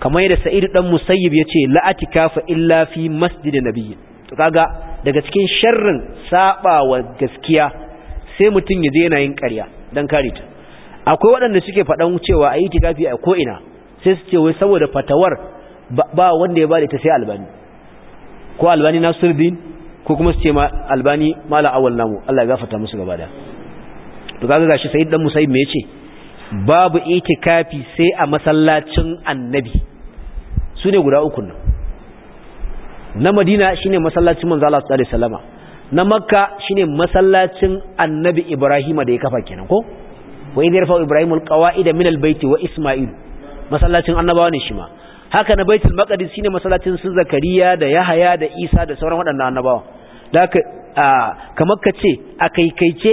kamar yadda sa'id ɗan musayyib ya ce la'ati kafa illa fi masjidin nabiyyi to kaga daga cikin sharrin saba wa gaskiya sai mutum ya je yana yin ƙarya dan kare ta akwai waɗanda suke faɗan cewa a yi tikafi a ko ina sai su ce wai saboda fatawar ba wanda ya bada ta sai albani ko albani nasiruddin ko kuma su ce ma albani mala awal namu Allah ya gafarta musu gaba da to kaga gashi sai dan musayyib me yace babu itikafi sai a masallacin annabi su ne guda uku nan na madina shine masallacin manzo Allah sallallahu alaihi wasallama na makka shine masallacin annabi ibrahima da ya kafa kenan ko wa idh yarfa'u ibrahimul qawaida min albayti wa isma'il masallacin annabawa ne shi ma haka na baitul maqdis shine masallacin su zakariya da yahaya da isa da sauran waɗannan annabawa da kamar ka ce a kaikaice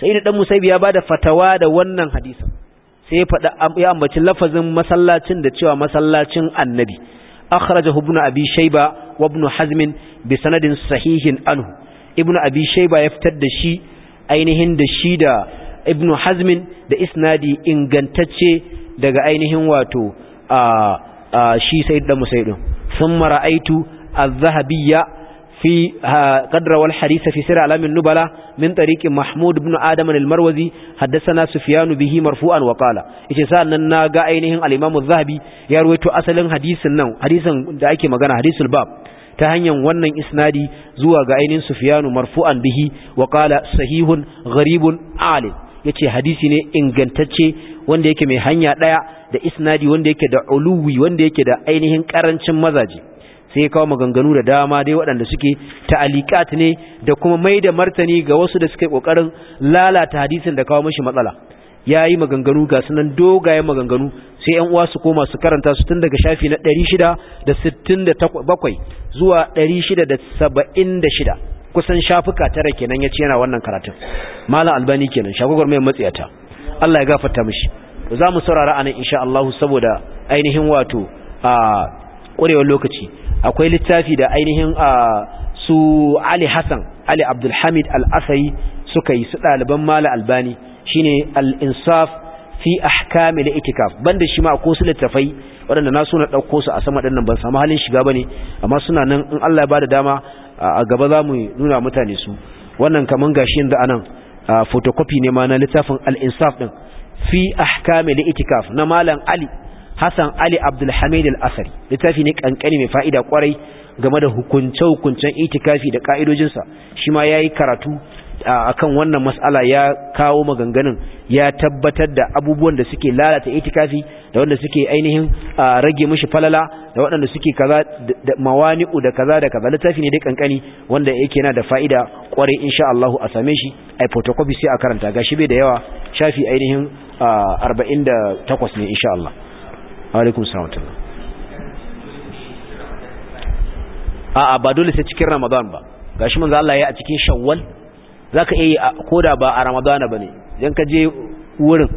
sai da dan musaibi ya bada fatawa da wannan hadisin sai ya faɗa ya ambaci lafazin masallacin da cewa masallacin annabi akhrajahu ibn abi shayba wa ibn hazm bi sanadin sahihin anhu ibn abi shayba ya fitar da shi ainihin da shi da ibn hazm da isnadi ingantacce daga ainihin wato a shi sai da musaidin mara aitu a zahabiyya في قدر والحديث في سر علام النبلة من طريق محمود بن آدم المروزي حدثنا سفيان به مرفوعا وقال إجسال لنا قائنهم الإمام الذهبي يرويت أسلا حديث النو حديث دعيك مغانا حديث الباب تهنيا ونن إسنادي زوى قائن سفيان مرفوعا به وقال صحيح غريب عالم yace hadisi ne ingantacce wanda yake mai hanya daya da isnadi wanda yake da uluwi wanda yake da ainihin karancin mazaji sai ya kawo maganganu da dama dai waɗanda suke alikati ne da kuma mai da martani ga wasu da suke kokarin lalata hadisin da kawo mashi matsala yayi maganganu ga sunan dogaye maganganu sai ƴan uwa su koma su karanta su tun daga shafi na 667 zuwa 676 kusan shafuka tara kenan yace yana wannan karatun malam albani kenan shagogar mai ta Allah ya gafarta mishi za mu saurara anan insha Allah saboda ainihin wato a ƙwarewar lokaci akwai littafi da ainihin su Ali Hassan Ali Abdul Al-Asai suka yi su ɗaliban Mala Albani shine Al-Insaf fi ahkami da itikaf banda shi ma ko su littafai waɗanda na suna ɗauko su a sama ɗin nan ban samu halin shiga ba ne amma suna nan in Allah ya bada dama a gaba za mu nuna mutane su wannan kaman gashi yanzu anan photocopy ne ma na littafin al-insaf ɗin fi ahkami da itikaf na malam Ali Hassan Ali Abdul Hamid Al-Asari littafi ne kankani mai fa'ida kwarai game da hukunce-hukuncen itikafi da ka'idojinsa shi ma yayi karatu akan wannan mas'ala ya kawo maganganun ya tabbatar da abubuwan da suke lalata itikafi da wanda suke ainihin rage mishi falala da waɗanda suke kaza da mawani'u da kaza da kaza littafi ne dai kankani wanda yake yana da fa'ida kwarai insha Allah a same shi ai photocopy sai a karanta gashi bai da yawa shafi ainihin 48 ne insha Allah alaikum salam a'a ba dole sai cikin ramadan ba gashi manzo Allah ya a cikin shawwal zaka iya yi koda ba a ramadan bane idan ka je wurin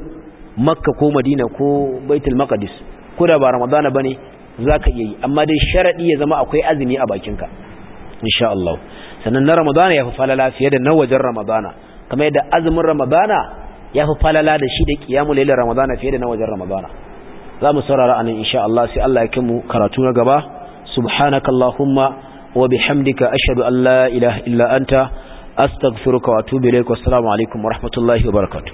makka ko madina ko baitul maqdis koda ba ramadan bane zaka iya yi amma dai sharaɗi ya zama akwai azumi a bakinka insha Allah sannan na ramadana ya fi falala fiye da na wajen ramadana kamar yadda azumin ramadana ya fi falala da shi da qiyamul lailar ramadana fiye da na wajen ramadana za mu saurara anan insha Allah sai Allah ya mu karatu na gaba subhanakallahumma wa bihamdika ashadu an la ilaha illa anta astaghfiruka wa atubu ilaik wassalamu alaikum warahmatullahi wabarakatuh